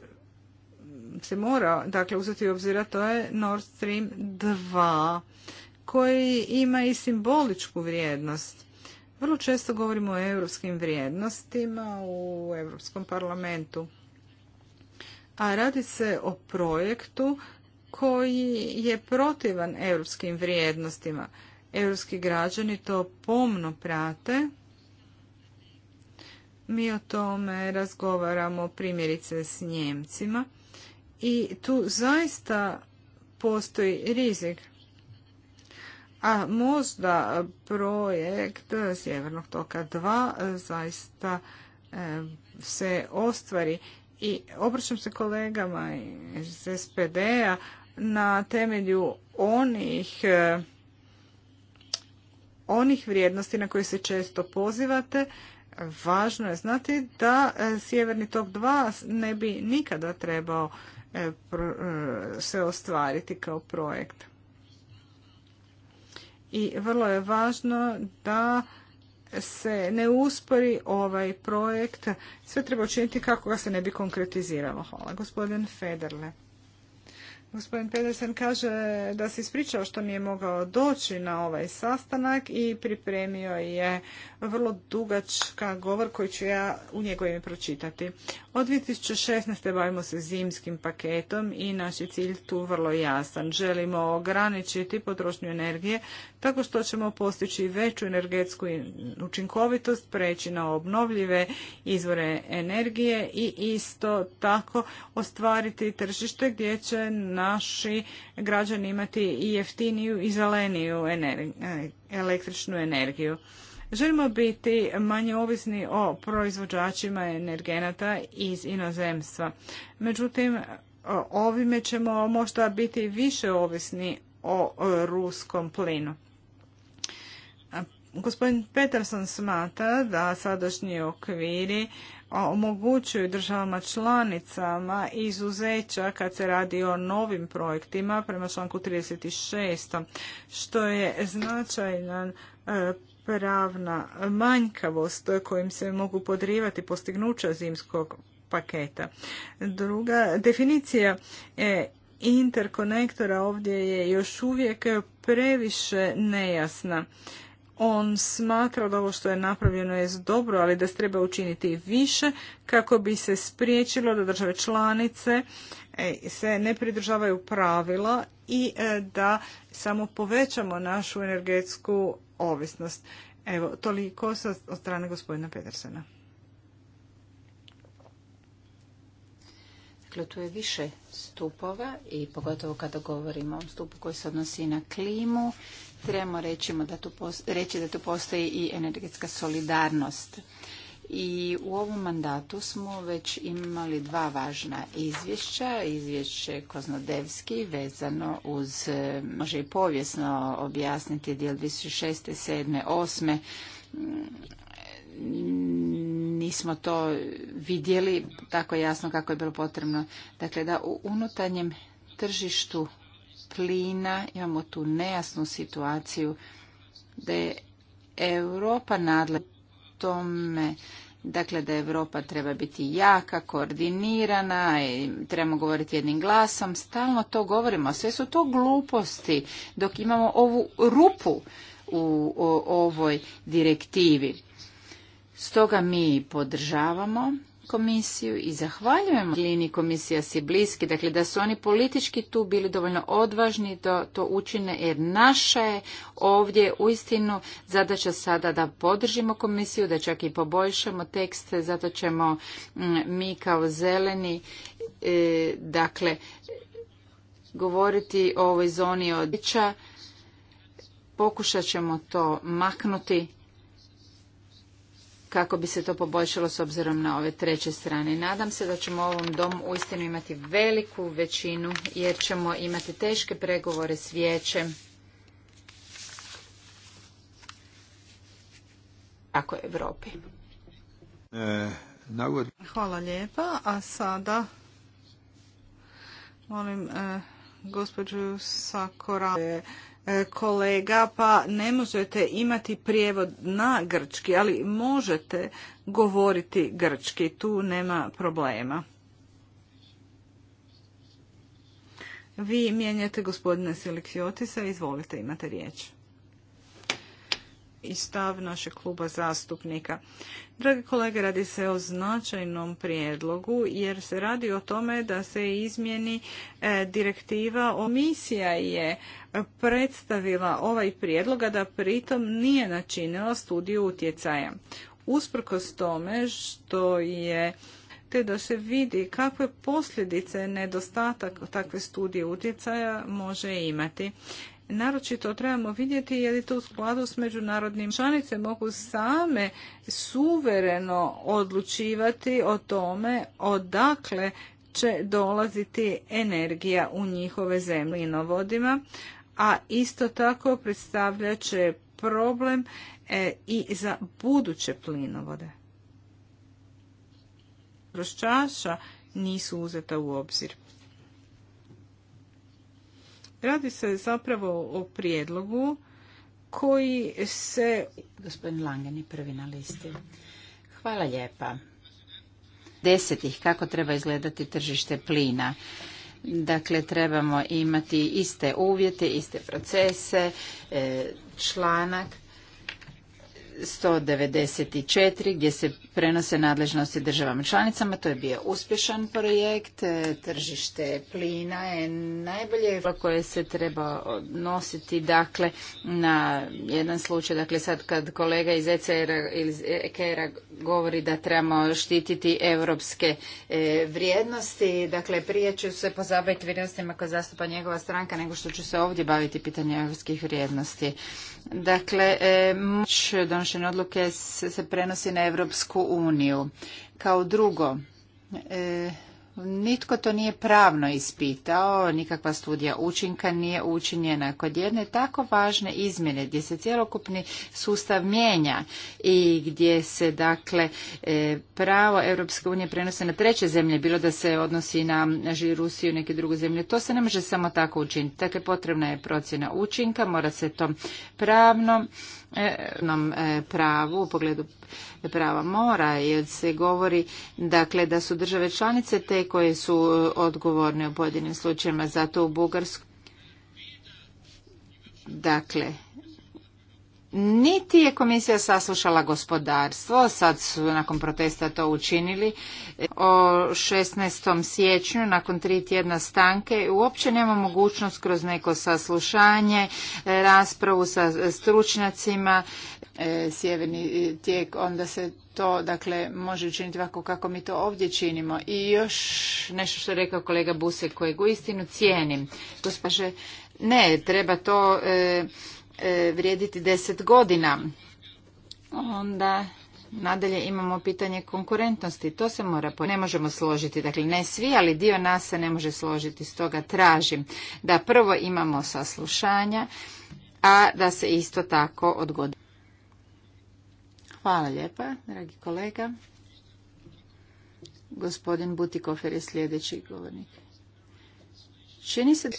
se mora dakle, uzeti u obzir, a to je Nord Stream 2, koji ima i simboličku vrijednost. Vrlo često govorimo o europskim vrijednostima u Europskom parlamentu a radi se o projektu koji je protivan europskim vrijednostima. Europski građani to pomno prate. Mi o tome razgovaramo primjerice s Njemcima i tu zaista postoji rizik. A možda projekt Sjevernog toka 2 zaista e, se ostvari i obraćam se kolegama iz SPD-a na temelju onih e, onih vrijednosti na koje se često pozivate, važno je znati da e, Sjeverni tok 2 ne bi nikada trebao e, se ostvariti kao projekt. I vrlo je važno da se ne uspori ovaj projekt, sve treba učiniti kako ga se ne bi konkretiziralo. Hvala. Gospodin Federle. Gospodin Pedersen kaže da se ispričao što mi je mogao doći na ovaj sastanak i pripremio je vrlo dugačka govor koji ću ja u njegovim pročitati. Od 2016. bavimo se zimskim paketom i naš je cilj tu vrlo jasan. Želimo ograničiti potrošnju energije tako što ćemo postići veću energetsku učinkovitost, preći na obnovljive izvore energije i isto tako ostvariti tržište gdje će naši građani imati i jeftiniju i zeleniju električnu energiju. Želimo biti manje ovisni o proizvođačima energenata iz inozemstva. Međutim, ovime ćemo možda biti više ovisni o ruskom plinu. Gospodin Peterson smatra da sadašnji okviri omogućuju državama članicama izuzeća kad se radi o novim projektima prema članku 36. što je značajna e, pravna manjkavost kojim se mogu podrivati postignuća zimskog paketa. Druga definicija je interkonektora ovdje je još uvijek previše nejasna on smatra da ovo što je napravljeno je dobro, ali da se treba učiniti više kako bi se spriječilo da države članice e, se ne pridržavaju pravila i e, da samo povećamo našu energetsku ovisnost. Evo, toliko od strane gospodina Petersena. Dakle, tu je više stupova i pogotovo kada govorimo o stupu koji se odnosi na klimu, trebamo reći da tu, postoji, da postoji i energetska solidarnost. I u ovom mandatu smo već imali dva važna izvješća. Izvješće Koznodevski vezano uz, e, može i povijesno objasniti, dijel 2006. 7. 8 smo to vidjeli tako jasno kako je bilo potrebno. Dakle, da u unutarnjem tržištu plina imamo tu nejasnu situaciju da je Europa nadle tome Dakle, da Europa treba biti jaka, koordinirana i trebamo govoriti jednim glasom. Stalno to govorimo. Sve su to gluposti dok imamo ovu rupu u ovoj direktivi. Stoga mi podržavamo komisiju i zahvaljujemo liniji komisija si bliski, dakle da su oni politički tu bili dovoljno odvažni da to učine, jer naša je ovdje uistinu zadaća sada da podržimo komisiju, da čak i poboljšamo tekste, zato ćemo mm, mi kao zeleni, e, dakle, govoriti o ovoj zoni odbića. pokušat ćemo to maknuti kako bi se to poboljšalo s obzirom na ove treće strane. Nadam se da ćemo u ovom domu uistinu imati veliku većinu jer ćemo imati teške pregovore s vijećem. Tako Evropi. E, Hvala lijepa. A sada molim e, gospođu Sakora E, kolega, pa ne možete imati prijevod na grčki, ali možete govoriti grčki, tu nema problema. Vi mijenjate gospodine Seleksiotisa. izvolite, imate riječ i stav našeg kluba zastupnika. Dragi kolege, radi se o značajnom prijedlogu jer se radi o tome da se izmjeni e, direktiva. Komisija je predstavila ovaj prijedlog, a da pritom nije načinila studiju utjecaja. Usprkos tome što je te da se vidi kakve posljedice nedostatak takve studije utjecaja može imati. Naročito trebamo vidjeti je li to u skladu s međunarodnim članice mogu same suvereno odlučivati o tome odakle će dolaziti energija u njihove zemlje novodima, a isto tako predstavljat problem e, i za buduće plinovode. Proščaša nisu uzeta u obzir. Radi se zapravo o prijedlogu koji se... Gospodin Langen je prvi na listi. Hvala lijepa. Desetih, kako treba izgledati tržište plina. Dakle, trebamo imati iste uvjete, iste procese, e, članak 194 gdje se prenose nadležnosti državama članicama. To je bio uspješan projekt. E, tržište plina je najbolje koje se treba odnositi dakle na jedan slučaj. Dakle sad kad kolega iz ecr ili e govori da trebamo štititi europske e, vrijednosti. Dakle prije ću se pozabaviti vrijednostima koje zastupa njegova stranka nego što ću se ovdje baviti pitanjem europskih vrijednosti. Dakle, e, moć donošenja odluke se prenosi na Europsku uniju. Kao drugo, e, Nitko to nije pravno ispitao, nikakva studija učinka nije učinjena kod jedne tako važne izmjene gdje se cjelokupni sustav mijenja i gdje se dakle e, pravo Europske unije prenose na treće zemlje, bilo da se odnosi na Rusiju i neke druge zemlje, to se ne može samo tako učiniti. Dakle, potrebna je procjena učinka, mora se to pravno E, nam e, pravu u pogledu prava mora jer se govori dakle da su države članice te koje su e, odgovorne u pojedinim slučajevima to u Bugarskoj dakle niti je komisija saslušala gospodarstvo, sad su nakon protesta to učinili. O 16. siječnju, nakon tri tjedna stanke, uopće nema mogućnost kroz neko saslušanje, raspravu sa stručnjacima, e, sjeverni tijek, onda se to dakle može učiniti ovako kako mi to ovdje činimo. I još nešto što je rekao kolega Busek kojeg u istinu cijenim. Gospođe, ne, treba to e, E, vrijediti deset godina. Onda nadalje imamo pitanje konkurentnosti. To se mora, ne možemo složiti, dakle ne svi, ali dio nas se ne može složiti. Stoga tražim da prvo imamo saslušanja, a da se isto tako odgodi. Hvala lijepa, dragi kolega. Gospodin Butikofer je sljedeći govornik. Čini se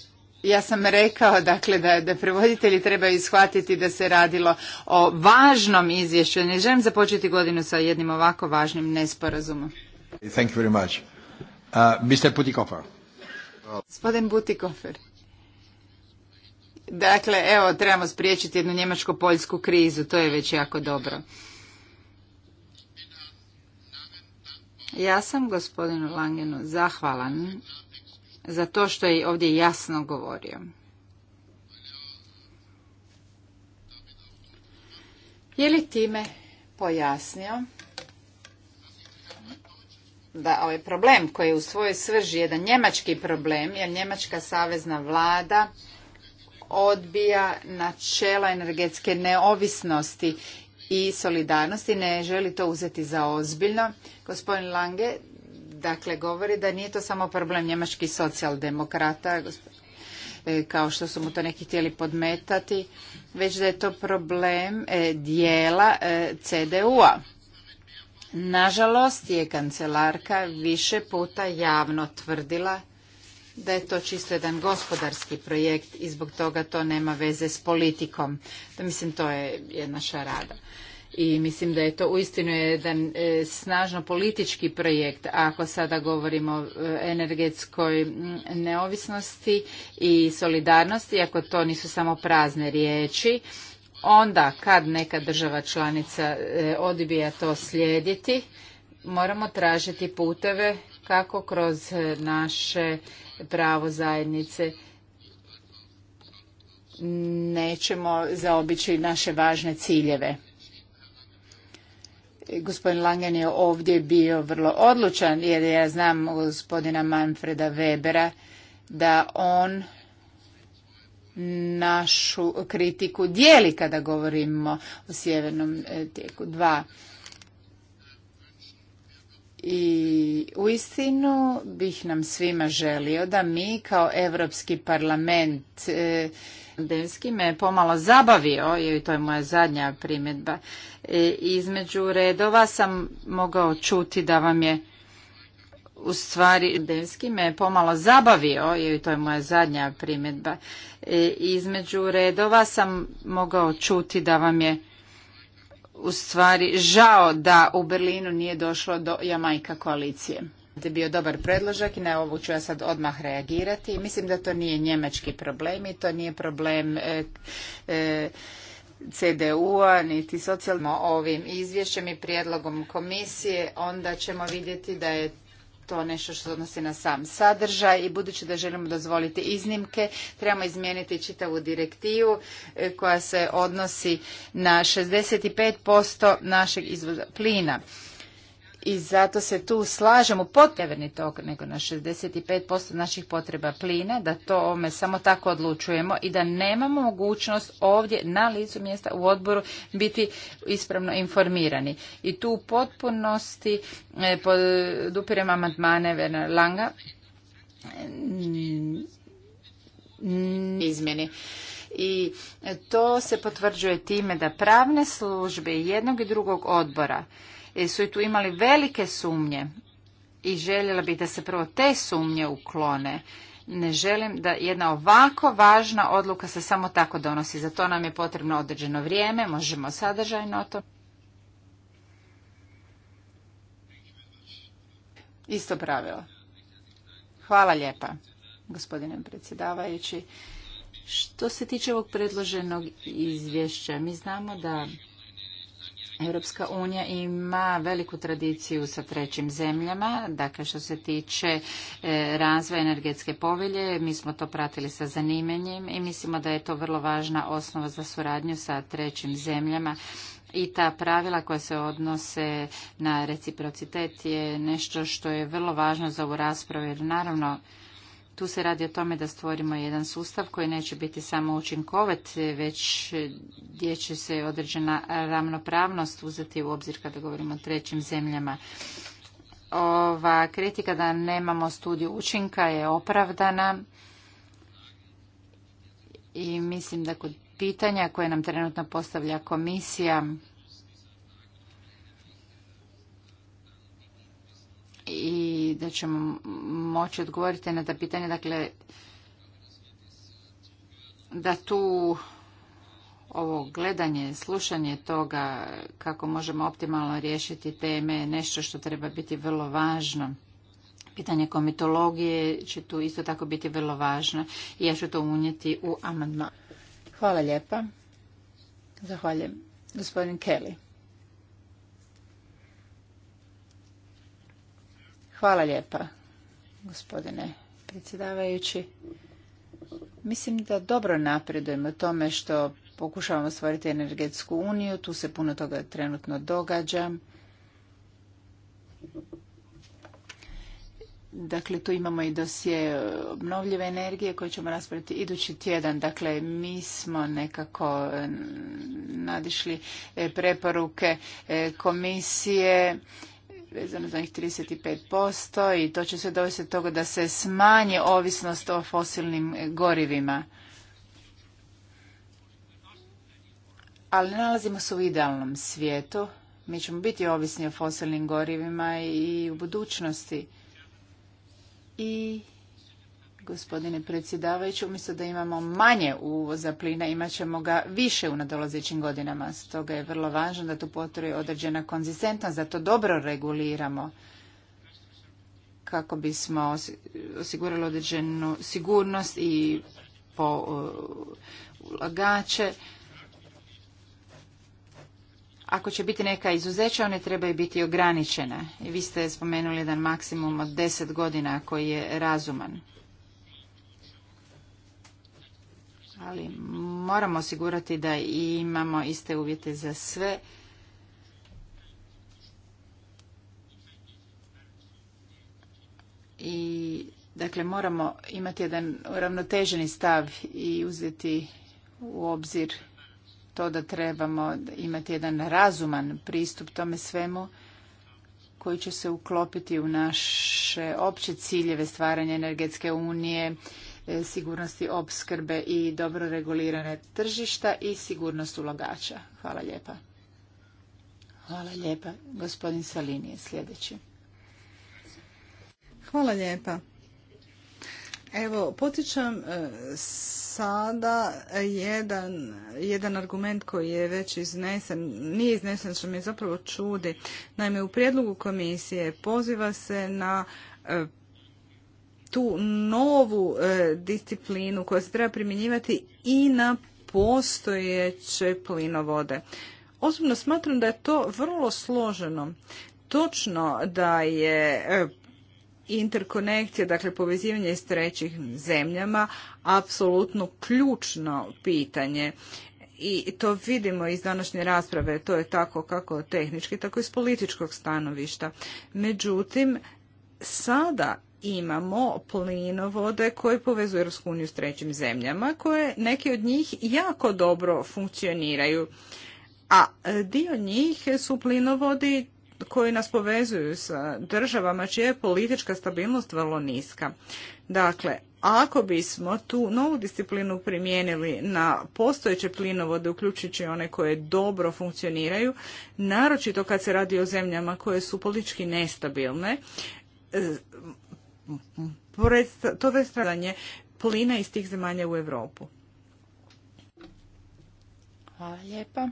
ja sam rekao dakle da, da prevoditelji trebaju shvatiti da se radilo o važnom izvješću. Ne želim započeti godinu sa jednim ovako važnim nesporazumom. Thank you very much. Uh, Mr. Gospodin Butikofer. Dakle, evo, trebamo spriječiti jednu njemačko-poljsku krizu, to je već jako dobro. Ja sam gospodinu Langenu zahvalan za to što je ovdje jasno govorio. Je li time pojasnio da ovaj problem koji je u svojoj svrži jedan njemački problem, jer njemačka savezna vlada odbija načela energetske neovisnosti i solidarnosti, ne želi to uzeti za ozbiljno. Gospodin Lange, dakle govori da nije to samo problem njemačkih socijaldemokrata e, kao što su mu to neki htjeli podmetati, već da je to problem e, dijela e, CDU-a. Nažalost je kancelarka više puta javno tvrdila da je to čisto jedan gospodarski projekt i zbog toga to nema veze s politikom. mislim to je jedna šarada i mislim da je to uistinu jedan e, snažno politički projekt ako sada govorimo o e, energetskoj neovisnosti i solidarnosti, ako to nisu samo prazne riječi, onda kad neka država članica e, odbija to slijediti, moramo tražiti puteve kako kroz naše pravo zajednice nećemo zaobići naše važne ciljeve. Gospodin Langen je ovdje bio vrlo odlučan jer ja znam gospodina Manfreda Webera da on našu kritiku dijeli kada govorimo o sjevernom e, tijeku 2. I istinu bih nam svima želio da mi kao Europski parlament e, Denski me pomalo zabavio, je i to je moja zadnja primjedba. E, između redova sam mogao čuti da vam je u stvari Demski me pomalo zabavio, i to je moja zadnja primjedba. E, između redova sam mogao čuti da vam je u stvari žao da u Berlinu nije došlo do Jamajka koalicije je bio dobar predložak i na ovu ću ja sad odmah reagirati. Mislim da to nije njemački problem i to nije problem e, e CDU-a niti socijalno ovim izvješćem i prijedlogom komisije, onda ćemo vidjeti da je to nešto što odnosi na sam sadržaj i budući da želimo dozvoliti iznimke, trebamo izmijeniti čitavu direktivu e, koja se odnosi na 65% našeg izvoza plina i zato se tu slažemo potreberni tog nego na 65% naših potreba plina, da to ome samo tako odlučujemo i da nemamo mogućnost ovdje na licu mjesta u odboru biti ispravno informirani. I tu u potpunosti e, podupirem amandmane Langa izmjeni. I to se potvrđuje time da pravne službe jednog i drugog odbora E, su i tu imali velike sumnje i željela bih da se prvo te sumnje uklone. Ne želim da jedna ovako važna odluka se samo tako donosi. Za to nam je potrebno određeno vrijeme, možemo sadržajno to. Isto pravilo. Hvala lijepa, gospodine predsjedavajući. Što se tiče ovog predloženog izvješća, mi znamo da Europska unija ima veliku tradiciju sa trećim zemljama, dakle što se tiče e, razvoja energetske povelje, mi smo to pratili sa zanimanjem i mislimo da je to vrlo važna osnova za suradnju sa trećim zemljama i ta pravila koja se odnose na reciprocitet je nešto što je vrlo važno za ovu raspravu jer naravno tu se radi o tome da stvorimo jedan sustav koji neće biti samo učinkovit, već e, gdje će se određena ravnopravnost uzeti u obzir kada govorimo o trećim zemljama. Ova kritika da nemamo studiju učinka je opravdana i mislim da kod pitanja koje nam trenutno postavlja komisija i da ćemo moći odgovoriti na ta pitanja. Dakle, da tu ovo gledanje, slušanje toga kako možemo optimalno riješiti teme je nešto što treba biti vrlo važno. Pitanje komitologije će tu isto tako biti vrlo važno i ja ću to unijeti u amandman. Hvala lijepa. Zahvaljujem. Gospodin Kelly. Hvala lijepa, gospodine predsjedavajući. Mislim da dobro napredujemo tome što pokušavamo stvoriti energetsku uniju. Tu se puno toga trenutno događa. Dakle, tu imamo i dosije obnovljive energije koje ćemo raspraviti idući tjedan. Dakle, mi smo nekako e, nadišli e, preporuke e, komisije vezano za njih 35% i to će se dovesti do toga da se smanji ovisnost o fosilnim gorivima. Ali nalazimo se u idealnom svijetu. Mi ćemo biti ovisni o fosilnim gorivima i u budućnosti. I gospodine predsjedavajući. Umjesto da imamo manje uvoza plina, imat ćemo ga više u nadolazećim godinama. Stoga je vrlo važno da tu postoji određena konzistentnost, da to dobro reguliramo kako bismo osigurali određenu sigurnost i e, ulagače. Ako će biti neka izuzeća, one trebaju biti ograničene. I vi ste spomenuli jedan maksimum od 10 godina koji je razuman. ali moramo osigurati da imamo iste uvjete za sve. I dakle moramo imati jedan ravnoteženi stav i uzeti u obzir to da trebamo imati jedan razuman pristup tome svemu koji će se uklopiti u naše opće ciljeve stvaranja energetske unije E, sigurnosti opskrbe i dobro regulirane tržišta i sigurnost ulagača. Hvala lijepa. Hvala lijepa. Gospodin Salini sljedeći. Hvala lijepa. Evo, potičam e, sada jedan, argument koji je već iznesen, nije iznesen što me zapravo čudi. Naime, u prijedlogu komisije poziva se na e, tu novu e, disciplinu koja se treba primjenjivati i na postojeće plinovode. Osobno smatram da je to vrlo složeno. Točno da je e, interkonekcija, dakle povezivanje s trećim zemljama, apsolutno ključno pitanje. I to vidimo iz današnje rasprave, to je tako kako tehnički, tako i iz političkog stanovišta. Međutim, sada imamo plinovode koje povezuju Rusku uniju s trećim zemljama, koje neki od njih jako dobro funkcioniraju. A e, dio njih su plinovodi koji nas povezuju sa državama čija je politička stabilnost vrlo niska. Dakle, ako bismo tu novu disciplinu primijenili na postojeće plinovode, uključujući one koje dobro funkcioniraju, naročito kad se radi o zemljama koje su politički nestabilne, e, to predstavljanje plina iz tih zemalja u Evropu. Hvala lijepa.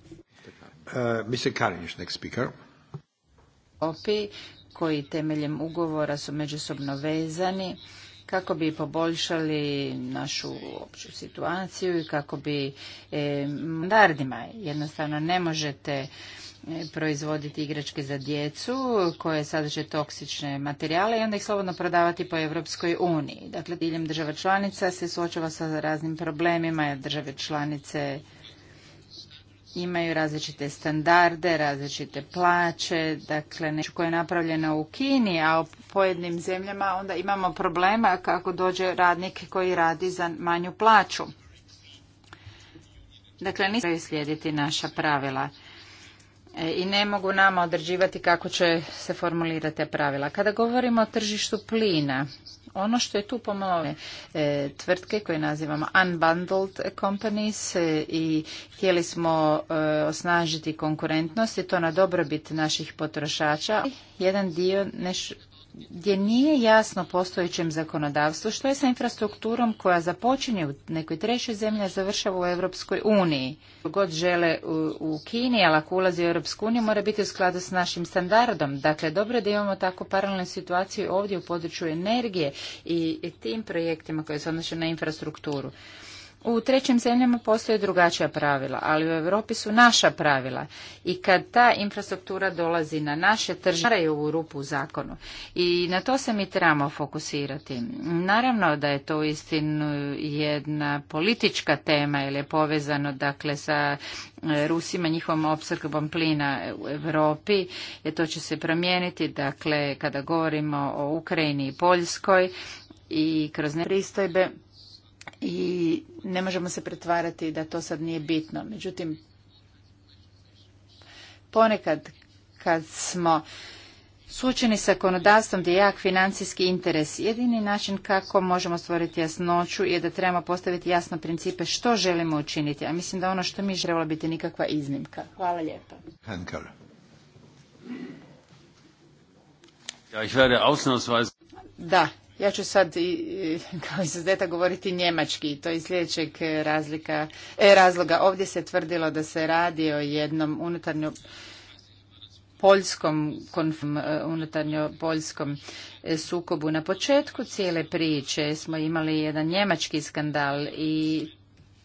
Uh, Mr. Karinić, next speaker. Opi koji temeljem ugovora su međusobno vezani kako bi poboljšali našu opću situaciju i kako bi e, standardima jednostavno ne možete e, proizvoditi igračke za djecu koje sadrže toksične materijale i onda ih slobodno prodavati po Europskoj uniji. Dakle, diljem država članica se suočava sa raznim problemima jer države članice imaju različite standarde, različite plaće, dakle nešto koje je napravljeno u Kini, a u pojednim zemljama onda imamo problema kako dođe radnik koji radi za manju plaću. Dakle, nisu slijediti naša pravila e, i ne mogu nama određivati kako će se formulirati pravila. Kada govorimo o tržištu plina, ono što je tu pomalo e, tvrtke koje nazivamo unbundled companies e, i htjeli smo e, osnažiti konkurentnost i to na dobrobit naših potrošača. Jedan dio neš, gdje nije jasno postojećem zakonodavstvu što je sa infrastrukturom koja započinje u nekoj trećoj zemlji, a završava u Europskoj uniji. God žele u, Kini, ali ako ulazi u Europsku uniju, mora biti u skladu s našim standardom. Dakle, dobro je da imamo takvu paralelnu situaciju ovdje u području energije i, tim projektima koje se odnose na infrastrukturu. U trećim zemljama postoje drugačija pravila, ali u Europi su naša pravila i kad ta infrastruktura dolazi na naše tržište, ovu rupu u zakonu i na to se mi trebamo fokusirati. Naravno da je to istinu jedna politička tema jer je povezano dakle sa e, Rusima, njihovom opskrbom plina u Europi, je to će se promijeniti, dakle kada govorimo o Ukrajini i Poljskoj i kroz pristojbe i ne možemo se pretvarati da to sad nije bitno. Međutim, ponekad kad smo suočeni sa zakonodavstvom gdje je jak financijski interes, jedini način kako možemo stvoriti jasnoću je da trebamo postaviti jasno principe što želimo učiniti, a mislim da ono što mi želimo biti nikakva iznimka. Hvala lijepa. Da, ja ću sad i, kao izuzeta govoriti njemački to iz sljedećeg razlika, e, razloga. Ovdje se tvrdilo da se radi o jednom unutarnjo poljskom e, unutarnjo poljskom e, sukobu. Na početku cijele priče smo imali jedan njemački skandal i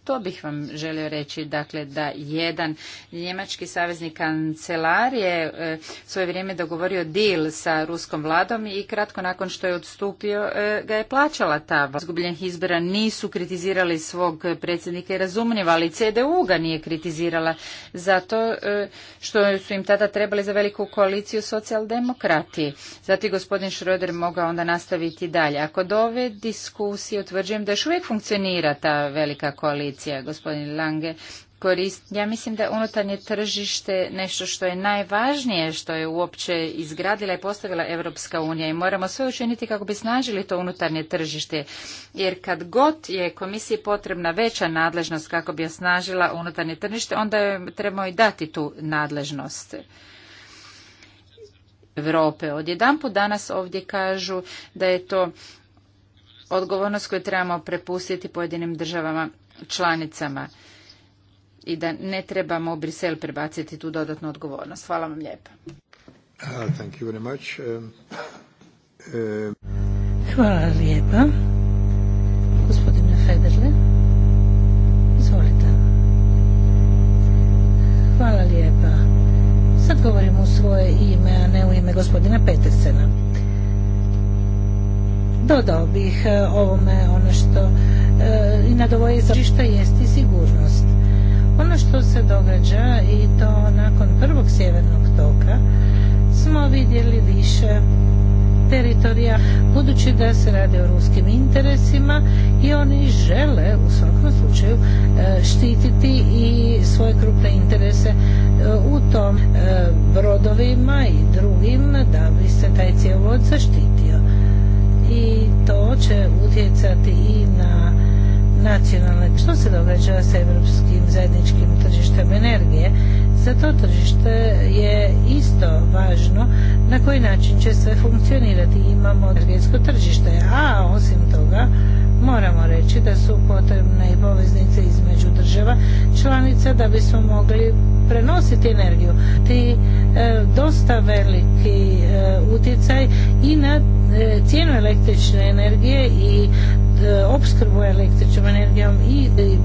to bih vam želio reći, dakle da jedan njemački savezni kancelar je e, svoje vrijeme dogovorio deal sa ruskom vladom i kratko nakon što je odstupio e, ga je plaćala ta vlada. izbora nisu kritizirali svog predsjednika i razumljiva, ali CDU ga nije kritizirala zato e, što su im tada trebali za veliku koaliciju socijaldemokrati. Zato je gospodin Šroder mogao onda nastaviti dalje. Ako ove diskusije utvrđujem da još uvijek funkcionira ta velika koalicija koalicija, gospodin Lange, ja mislim da je unutarnje tržište nešto što je najvažnije što je uopće izgradila i postavila Europska unija i moramo sve učiniti kako bi snažili to unutarnje tržište jer kad god je komisiji potrebna veća nadležnost kako bi osnažila unutarnje tržište onda je trebamo i dati tu nadležnost. Europe. Odjedanput danas ovdje kažu da je to odgovornost koju trebamo prepustiti pojedinim državama članicama i da ne trebamo u Brisel prebaciti tu dodatnu odgovornost. Hvala vam lijepa. Uh, thank you very much. Um, uh, Hvala lijepa. Gospodine Federle, izvolite. Hvala lijepa. Sad govorim u svoje ime, a ne u ime gospodina Petersena. Dodao bih e, ovome ono što e, i na tržišta jest i sigurnost. Ono što se događa i to nakon prvog sjevernog toka smo vidjeli više teritorija budući da se radi o ruskim interesima i oni žele u svakom slučaju e, štititi i svoje krupne interese u tom brodovima i drugim da bi se taj vod zaštitio i to će utjecati i na nacionalne. Što se događa sa europskim zajedničkim tržištem energije? Za to tržište je isto važno na koji način će sve funkcionirati. Imamo energetsko tržište, a osim toga moramo reći da su potrebne i poveznice između država članica da bismo mogli prenositi energiju. Ti e, dosta veliki e, utjecaj i na E, cijenu električne energije i e, opskrbu električnom energijom i e,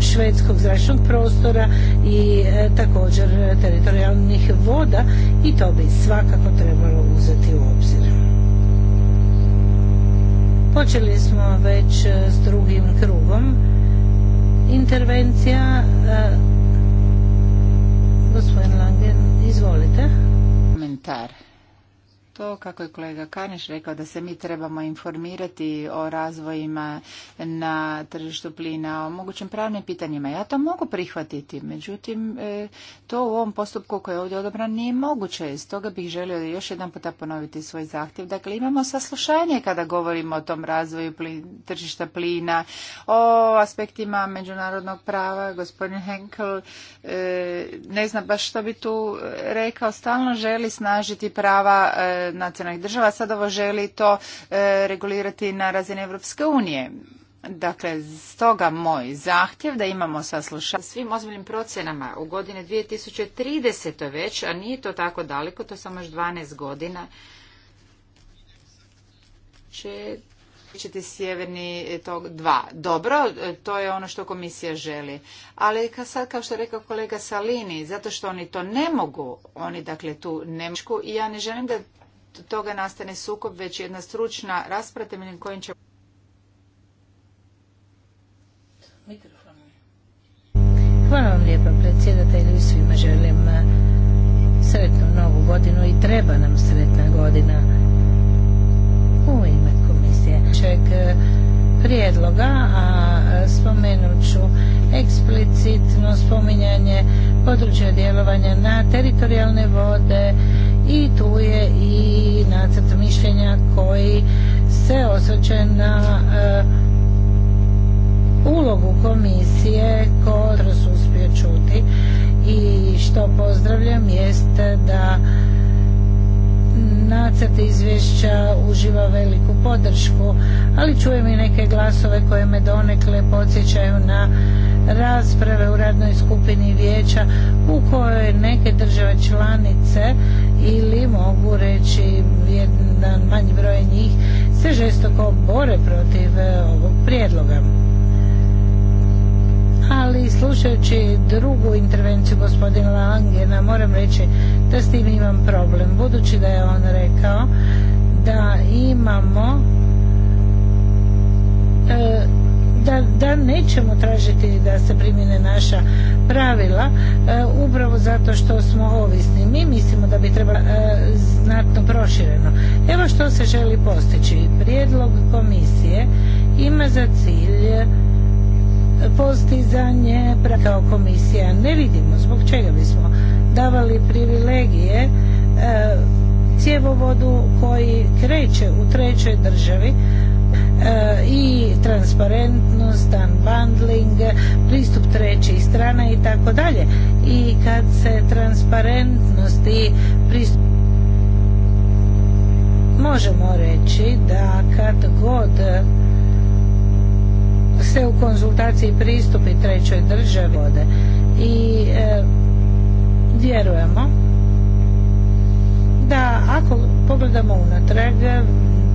švedskog zračnog prostora i također teritorijalnih voda i to bi svakako trebalo uzeti u obzir. Počeli smo već s drugim krugom intervencija. Gospodin Langen, izvolite. Komentar to, kako je kolega Kaneš rekao, da se mi trebamo informirati o razvojima na tržištu plina, o mogućim pravnim pitanjima. Ja to mogu prihvatiti, međutim, e, to u ovom postupku koji je ovdje odobran nije moguće. Stoga bih želio još jedan puta ponoviti svoj zahtjev. Dakle, imamo saslušanje kada govorimo o tom razvoju tržišta plina, o aspektima međunarodnog prava. Gospodin Henkel e, ne znam baš što bi tu rekao, stalno želi snažiti prava e, nacionalnih država, sad ovo želi to e, regulirati na razini Europske unije. Dakle, stoga moj zahtjev da imamo saslušanje svim ozbiljnim procjenama u godine 2030. već, a nije to tako daleko, to samo još 12 godina, će ćete sjeverni tog dva. Dobro, to je ono što komisija želi. Ali sad, kao što je rekao kolega Salini, zato što oni to ne mogu, oni dakle tu ne mogu i ja ne želim da toga nastane sukob, već jedna stručna rasprava temeljem kojim će... Hvala vam lijepa predsjedatelju i svima želim eh, sretnu novu godinu i treba nam sretna godina u ime komisije. Eh, prijedloga, a e, spomenut ću eksplicitno spominjanje područja djelovanja na teritorijalne vode i tu je i nacrt mišljenja koji se osvrće na e, ulogu komisije koju uspio čuti i što pozdravljam jeste da nacrt izvješća uživa veliku podršku, ali čujem i neke glasove koje me donekle podsjećaju na rasprave u radnoj skupini vijeća u kojoj neke države članice ili mogu reći jedan manji broj njih se žestoko bore protiv eh, ovog prijedloga ali slušajući drugu intervenciju gospodina Langena moram reći da s tim imam problem budući da je on rekao da imamo e, da, nećemo tražiti da se primjene naša pravila e, upravo zato što smo ovisni. Mi mislimo da bi treba e, znatno prošireno. Evo što se želi postići. Prijedlog komisije ima za cilj postizanje kao komisija. Ne vidimo zbog čega bismo davali privilegije e, cjevovodu koji kreće u trećoj državi e, i transparentnost, unbundling, pristup trećih strana i tako dalje. I kad se transparentnost i pristup možemo reći da kad god se u konzultaciji pristupi trećoj državi vode i e, vjerujemo da ako pogledamo unatrag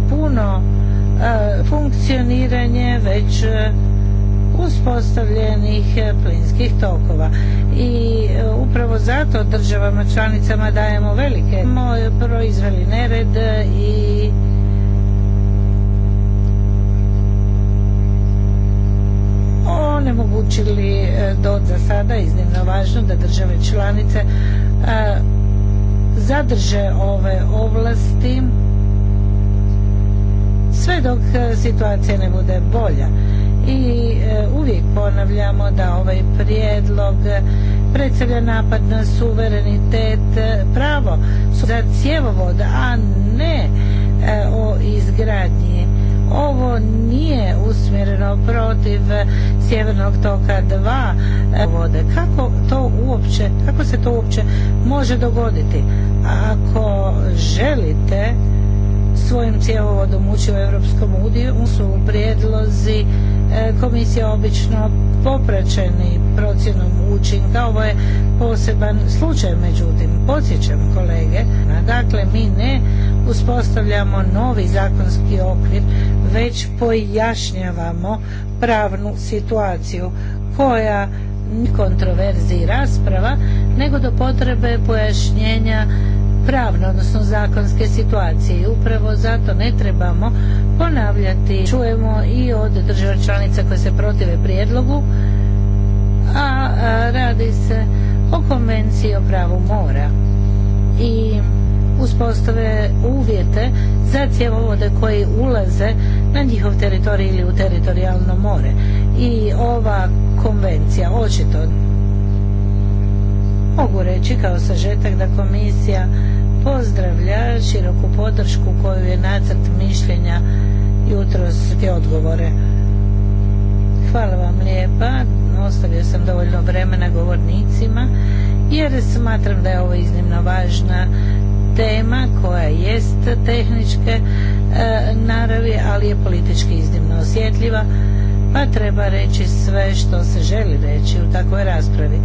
puno e, funkcioniranje već e, uspostavljenih plinskih tokova i upravo zato državama članicama dajemo velike proizveli nered i učili e, do za sada iznimno važno da države članice e, zadrže ove ovlasti sve dok e, situacija ne bude bolja i uvijek ponavljamo da ovaj prijedlog predstavlja napad na suverenitet pravo za cjevovod a ne o izgradnji ovo nije usmjereno protiv sjevernog toka 2 e, vode. Kako to uopće, kako se to uopće može dogoditi? Ako svojim cjevovodom ući u Europskom uniju su prijedlozi e, komisije obično popraćeni procjenom učinka. Ovo je poseban slučaj, međutim, podsjećam kolege, dakle mi ne uspostavljamo novi zakonski okvir, već pojašnjavamo pravnu situaciju koja kontroverzi rasprava, nego do potrebe pojašnjenja pravne, odnosno zakonske situacije. I upravo zato ne trebamo ponavljati. Čujemo i od država članica koje se protive prijedlogu, a radi se o konvenciji o pravu mora. I uspostave uvjete za cjevovode koji ulaze na njihov teritorij ili u teritorijalno more. I ova konvencija očito Mogu reći kao sažetak da komisija pozdravlja široku podršku koju je nacrt mišljenja jutros te odgovore. Hvala vam lijepa, ostavio sam dovoljno vremena govornicima jer smatram da je ovo iznimno važna tema koja jest tehničke e, naravi, ali je politički iznimno osjetljiva, pa treba reći sve što se želi reći u takvoj raspravi.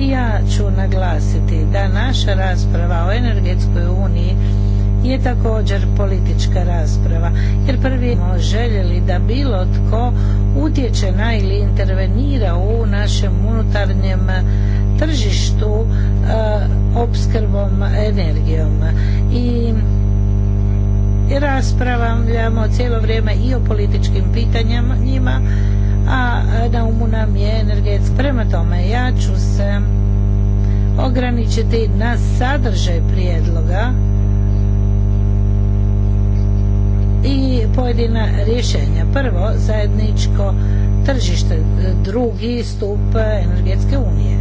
Ja ću naglasiti da naša rasprava o energetskoj uniji je također politička rasprava jer prvi smo željeli da bilo tko utječe na ili intervenira u našem unutarnjem tržištu opskrbom energijom i raspravljamo cijelo vrijeme i o političkim pitanjima njima, a na umu nam je energetski, Prema tome, ja ću se ograničiti na sadržaj prijedloga i pojedina rješenja. Prvo, zajedničko tržište, drugi stup energetske unije.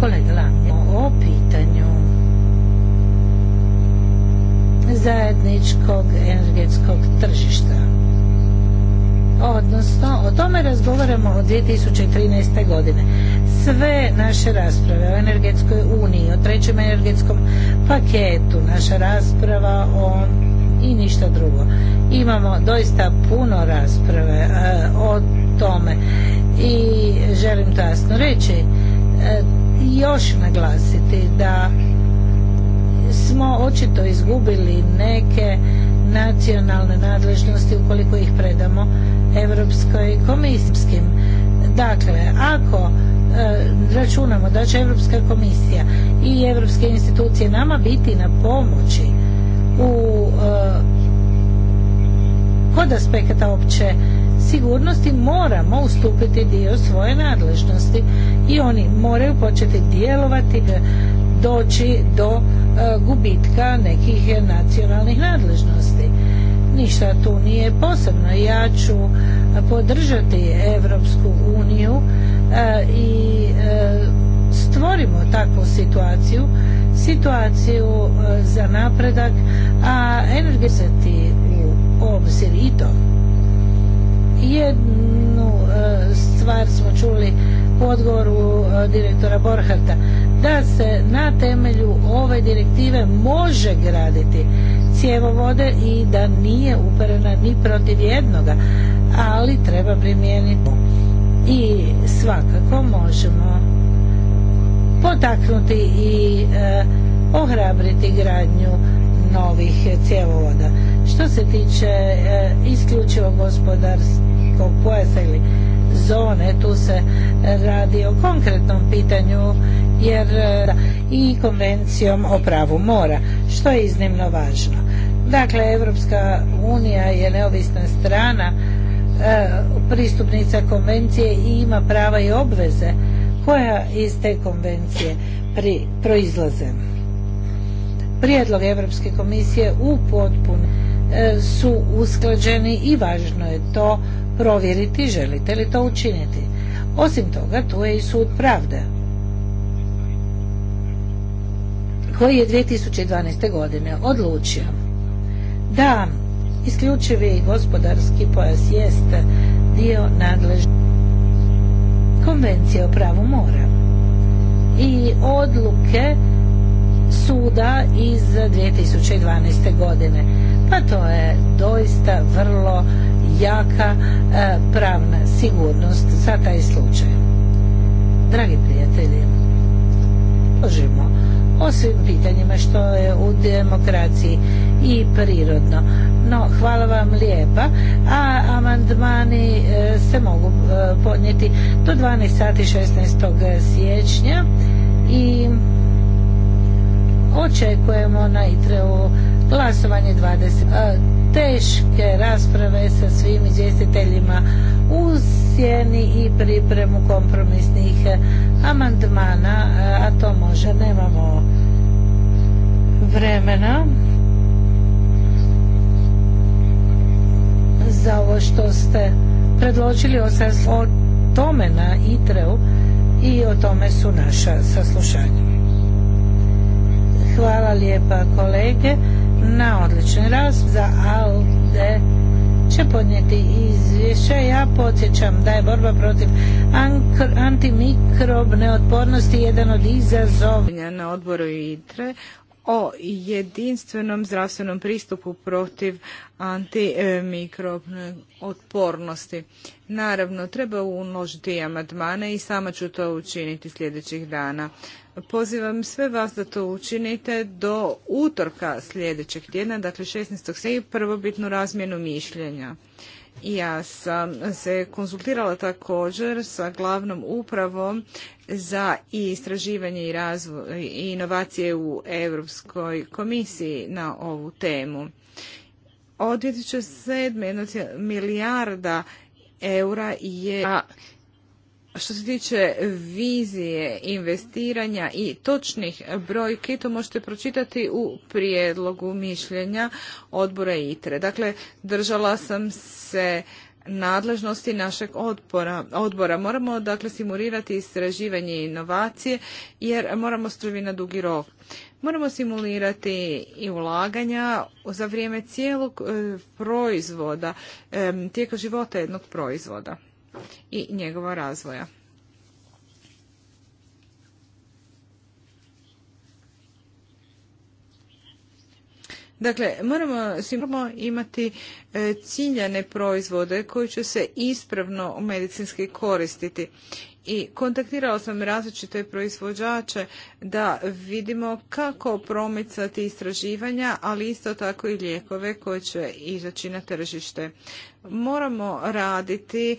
Kolega Lang, o pitanju zajedničkog energetskog tržišta. Odnosno, o tome razgovaramo od 2013. godine. Sve naše rasprave o energetskoj uniji, o trećem energetskom paketu, naša rasprava o i ništa drugo. Imamo doista puno rasprave e, o tome i želim to jasno reći e, još naglasiti da smo očito izgubili neke nacionalne nadležnosti ukoliko ih predamo Europskoj komisijskim. Dakle, ako e, računamo da će Europska komisija i europske institucije nama biti na pomoći u e, kod aspekata opće sigurnosti moramo ustupiti dio svoje nadležnosti i oni moraju početi djelovati doći do e, gubitka nekih nacionalnih nadležnosti. Ništa tu nije posebno. Ja ću podržati Evropsku uniju e, i e, stvorimo takvu situaciju, situaciju za napredak, a energizati u obzir i to. Jednu stvar smo čuli u odgovoru direktora Borharta da se na temelju ove direktive može graditi cjevovode i da nije uperena ni protiv jednoga, ali treba primijeniti i svakako možemo potaknuti i e, ohrabriti gradnju novih cjevovoda. Što se tiče e, isključivo gospodarskog pojasa ili zone. Tu se e, radi o konkretnom pitanju jer e, i konvencijom o pravu mora, što je iznimno važno. Dakle, Evropska unija je neovisna strana e, pristupnica konvencije i ima prava i obveze koja iz te konvencije proizlaze. Prijedlog Europske komisije u potpun su usklađeni i važno je to provjeriti želite li to učiniti. Osim toga, tu je i sud pravde koji je 2012. godine odlučio da isključivi gospodarski pojas jest dio nadležnosti konvencije o pravu mora i odluke suda iz 2012. godine. Pa to je doista vrlo jaka e, pravna sigurnost za taj slučaj. Dragi prijatelji, možemo o svim pitanjima što je u demokraciji i prirodno. No, hvala vam lijepa, a amandmani e, se mogu e, podnijeti do 12 sati 16. siječnja i očekujemo na itre glasovanje 20 teške rasprave sa svim izvjestiteljima u sjeni i pripremu kompromisnih eh, amandmana, eh, a to može nemamo vremena za ovo što ste predložili o tome na ITREU i o tome su naša saslušanja. Hvala lijepa kolege na odličan raz za ALDE će podnijeti izvješće Ja podsjećam da je borba protiv antimikrobne otpornosti jedan od izazovnja na odboru ITRE o jedinstvenom zdravstvenom pristupu protiv antimikrobne otpornosti. Naravno, treba uložiti i amadmane i sama ću to učiniti sljedećih dana. Pozivam sve vas da to učinite do utorka sljedećeg tjedna, dakle 16. i prvobitnu razmjenu mišljenja. Ja sam se konsultirala također sa glavnom upravom za istraživanje i razvoj i inovacije u Europskoj komisiji na ovu temu. Od 2007. milijarda eura je što se tiče vizije investiranja i točnih brojki, to možete pročitati u prijedlogu mišljenja odbora ITRE. Dakle, držala sam se nadležnosti našeg odbora. odbora. Moramo dakle simulirati istraživanje i inovacije jer moramo strvi na dugi rok. Moramo simulirati i ulaganja za vrijeme cijelog e, proizvoda, tijekom života jednog proizvoda i njegova razvoja. Dakle, moramo, sigurno imati e, ciljane proizvode koji će se ispravno u medicinski koristiti. I kontaktirao sam različite proizvođače da vidimo kako promicati istraživanja, ali isto tako i lijekove koje će izaći na tržište. Moramo raditi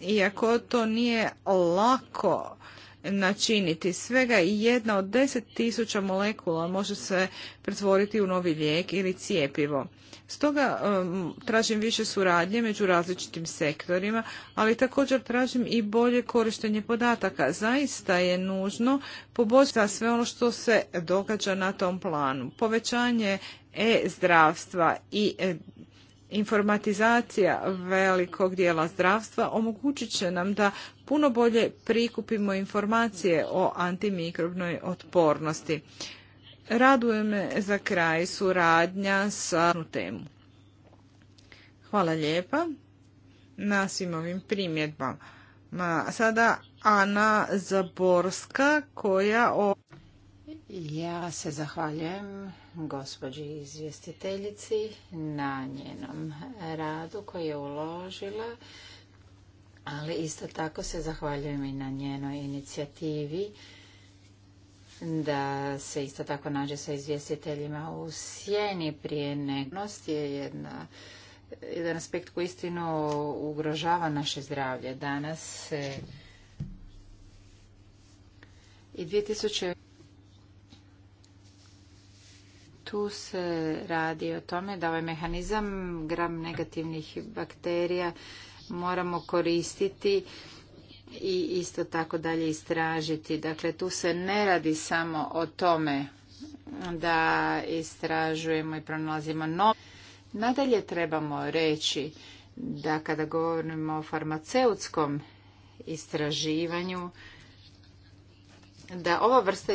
iako to nije lako načiniti. Svega jedna od deset tisuća molekula može se pretvoriti u novi lijek ili cijepivo. Stoga tražim više suradnje među različitim sektorima, ali također tražim i bolje korištenje podataka. Zaista je nužno poboljšati sve ono što se događa na tom planu. Povećanje e-zdravstva i informatizacija velikog dijela zdravstva omogućit će nam da puno bolje prikupimo informacije o antimikrobnoj otpornosti. Raduje me za kraj suradnja sa temu. Hvala lijepa na svim ovim primjedbama. Sada Ana Zaborska koja o ja se zahvaljujem gospođi izvjestiteljici na njenom radu koji je uložila, ali isto tako se zahvaljujem i na njenoj inicijativi da se isto tako nađe sa izvjestiteljima u sjeni prije negnosti je jedna jedan aspekt koji istinu ugrožava naše zdravlje. Danas se i 2000 tu se radi o tome da ovaj mehanizam gram negativnih bakterija moramo koristiti i isto tako dalje istražiti. Dakle, tu se ne radi samo o tome da istražujemo i pronalazimo no. Nadalje trebamo reći da kada govorimo o farmaceutskom istraživanju, da ova vrsta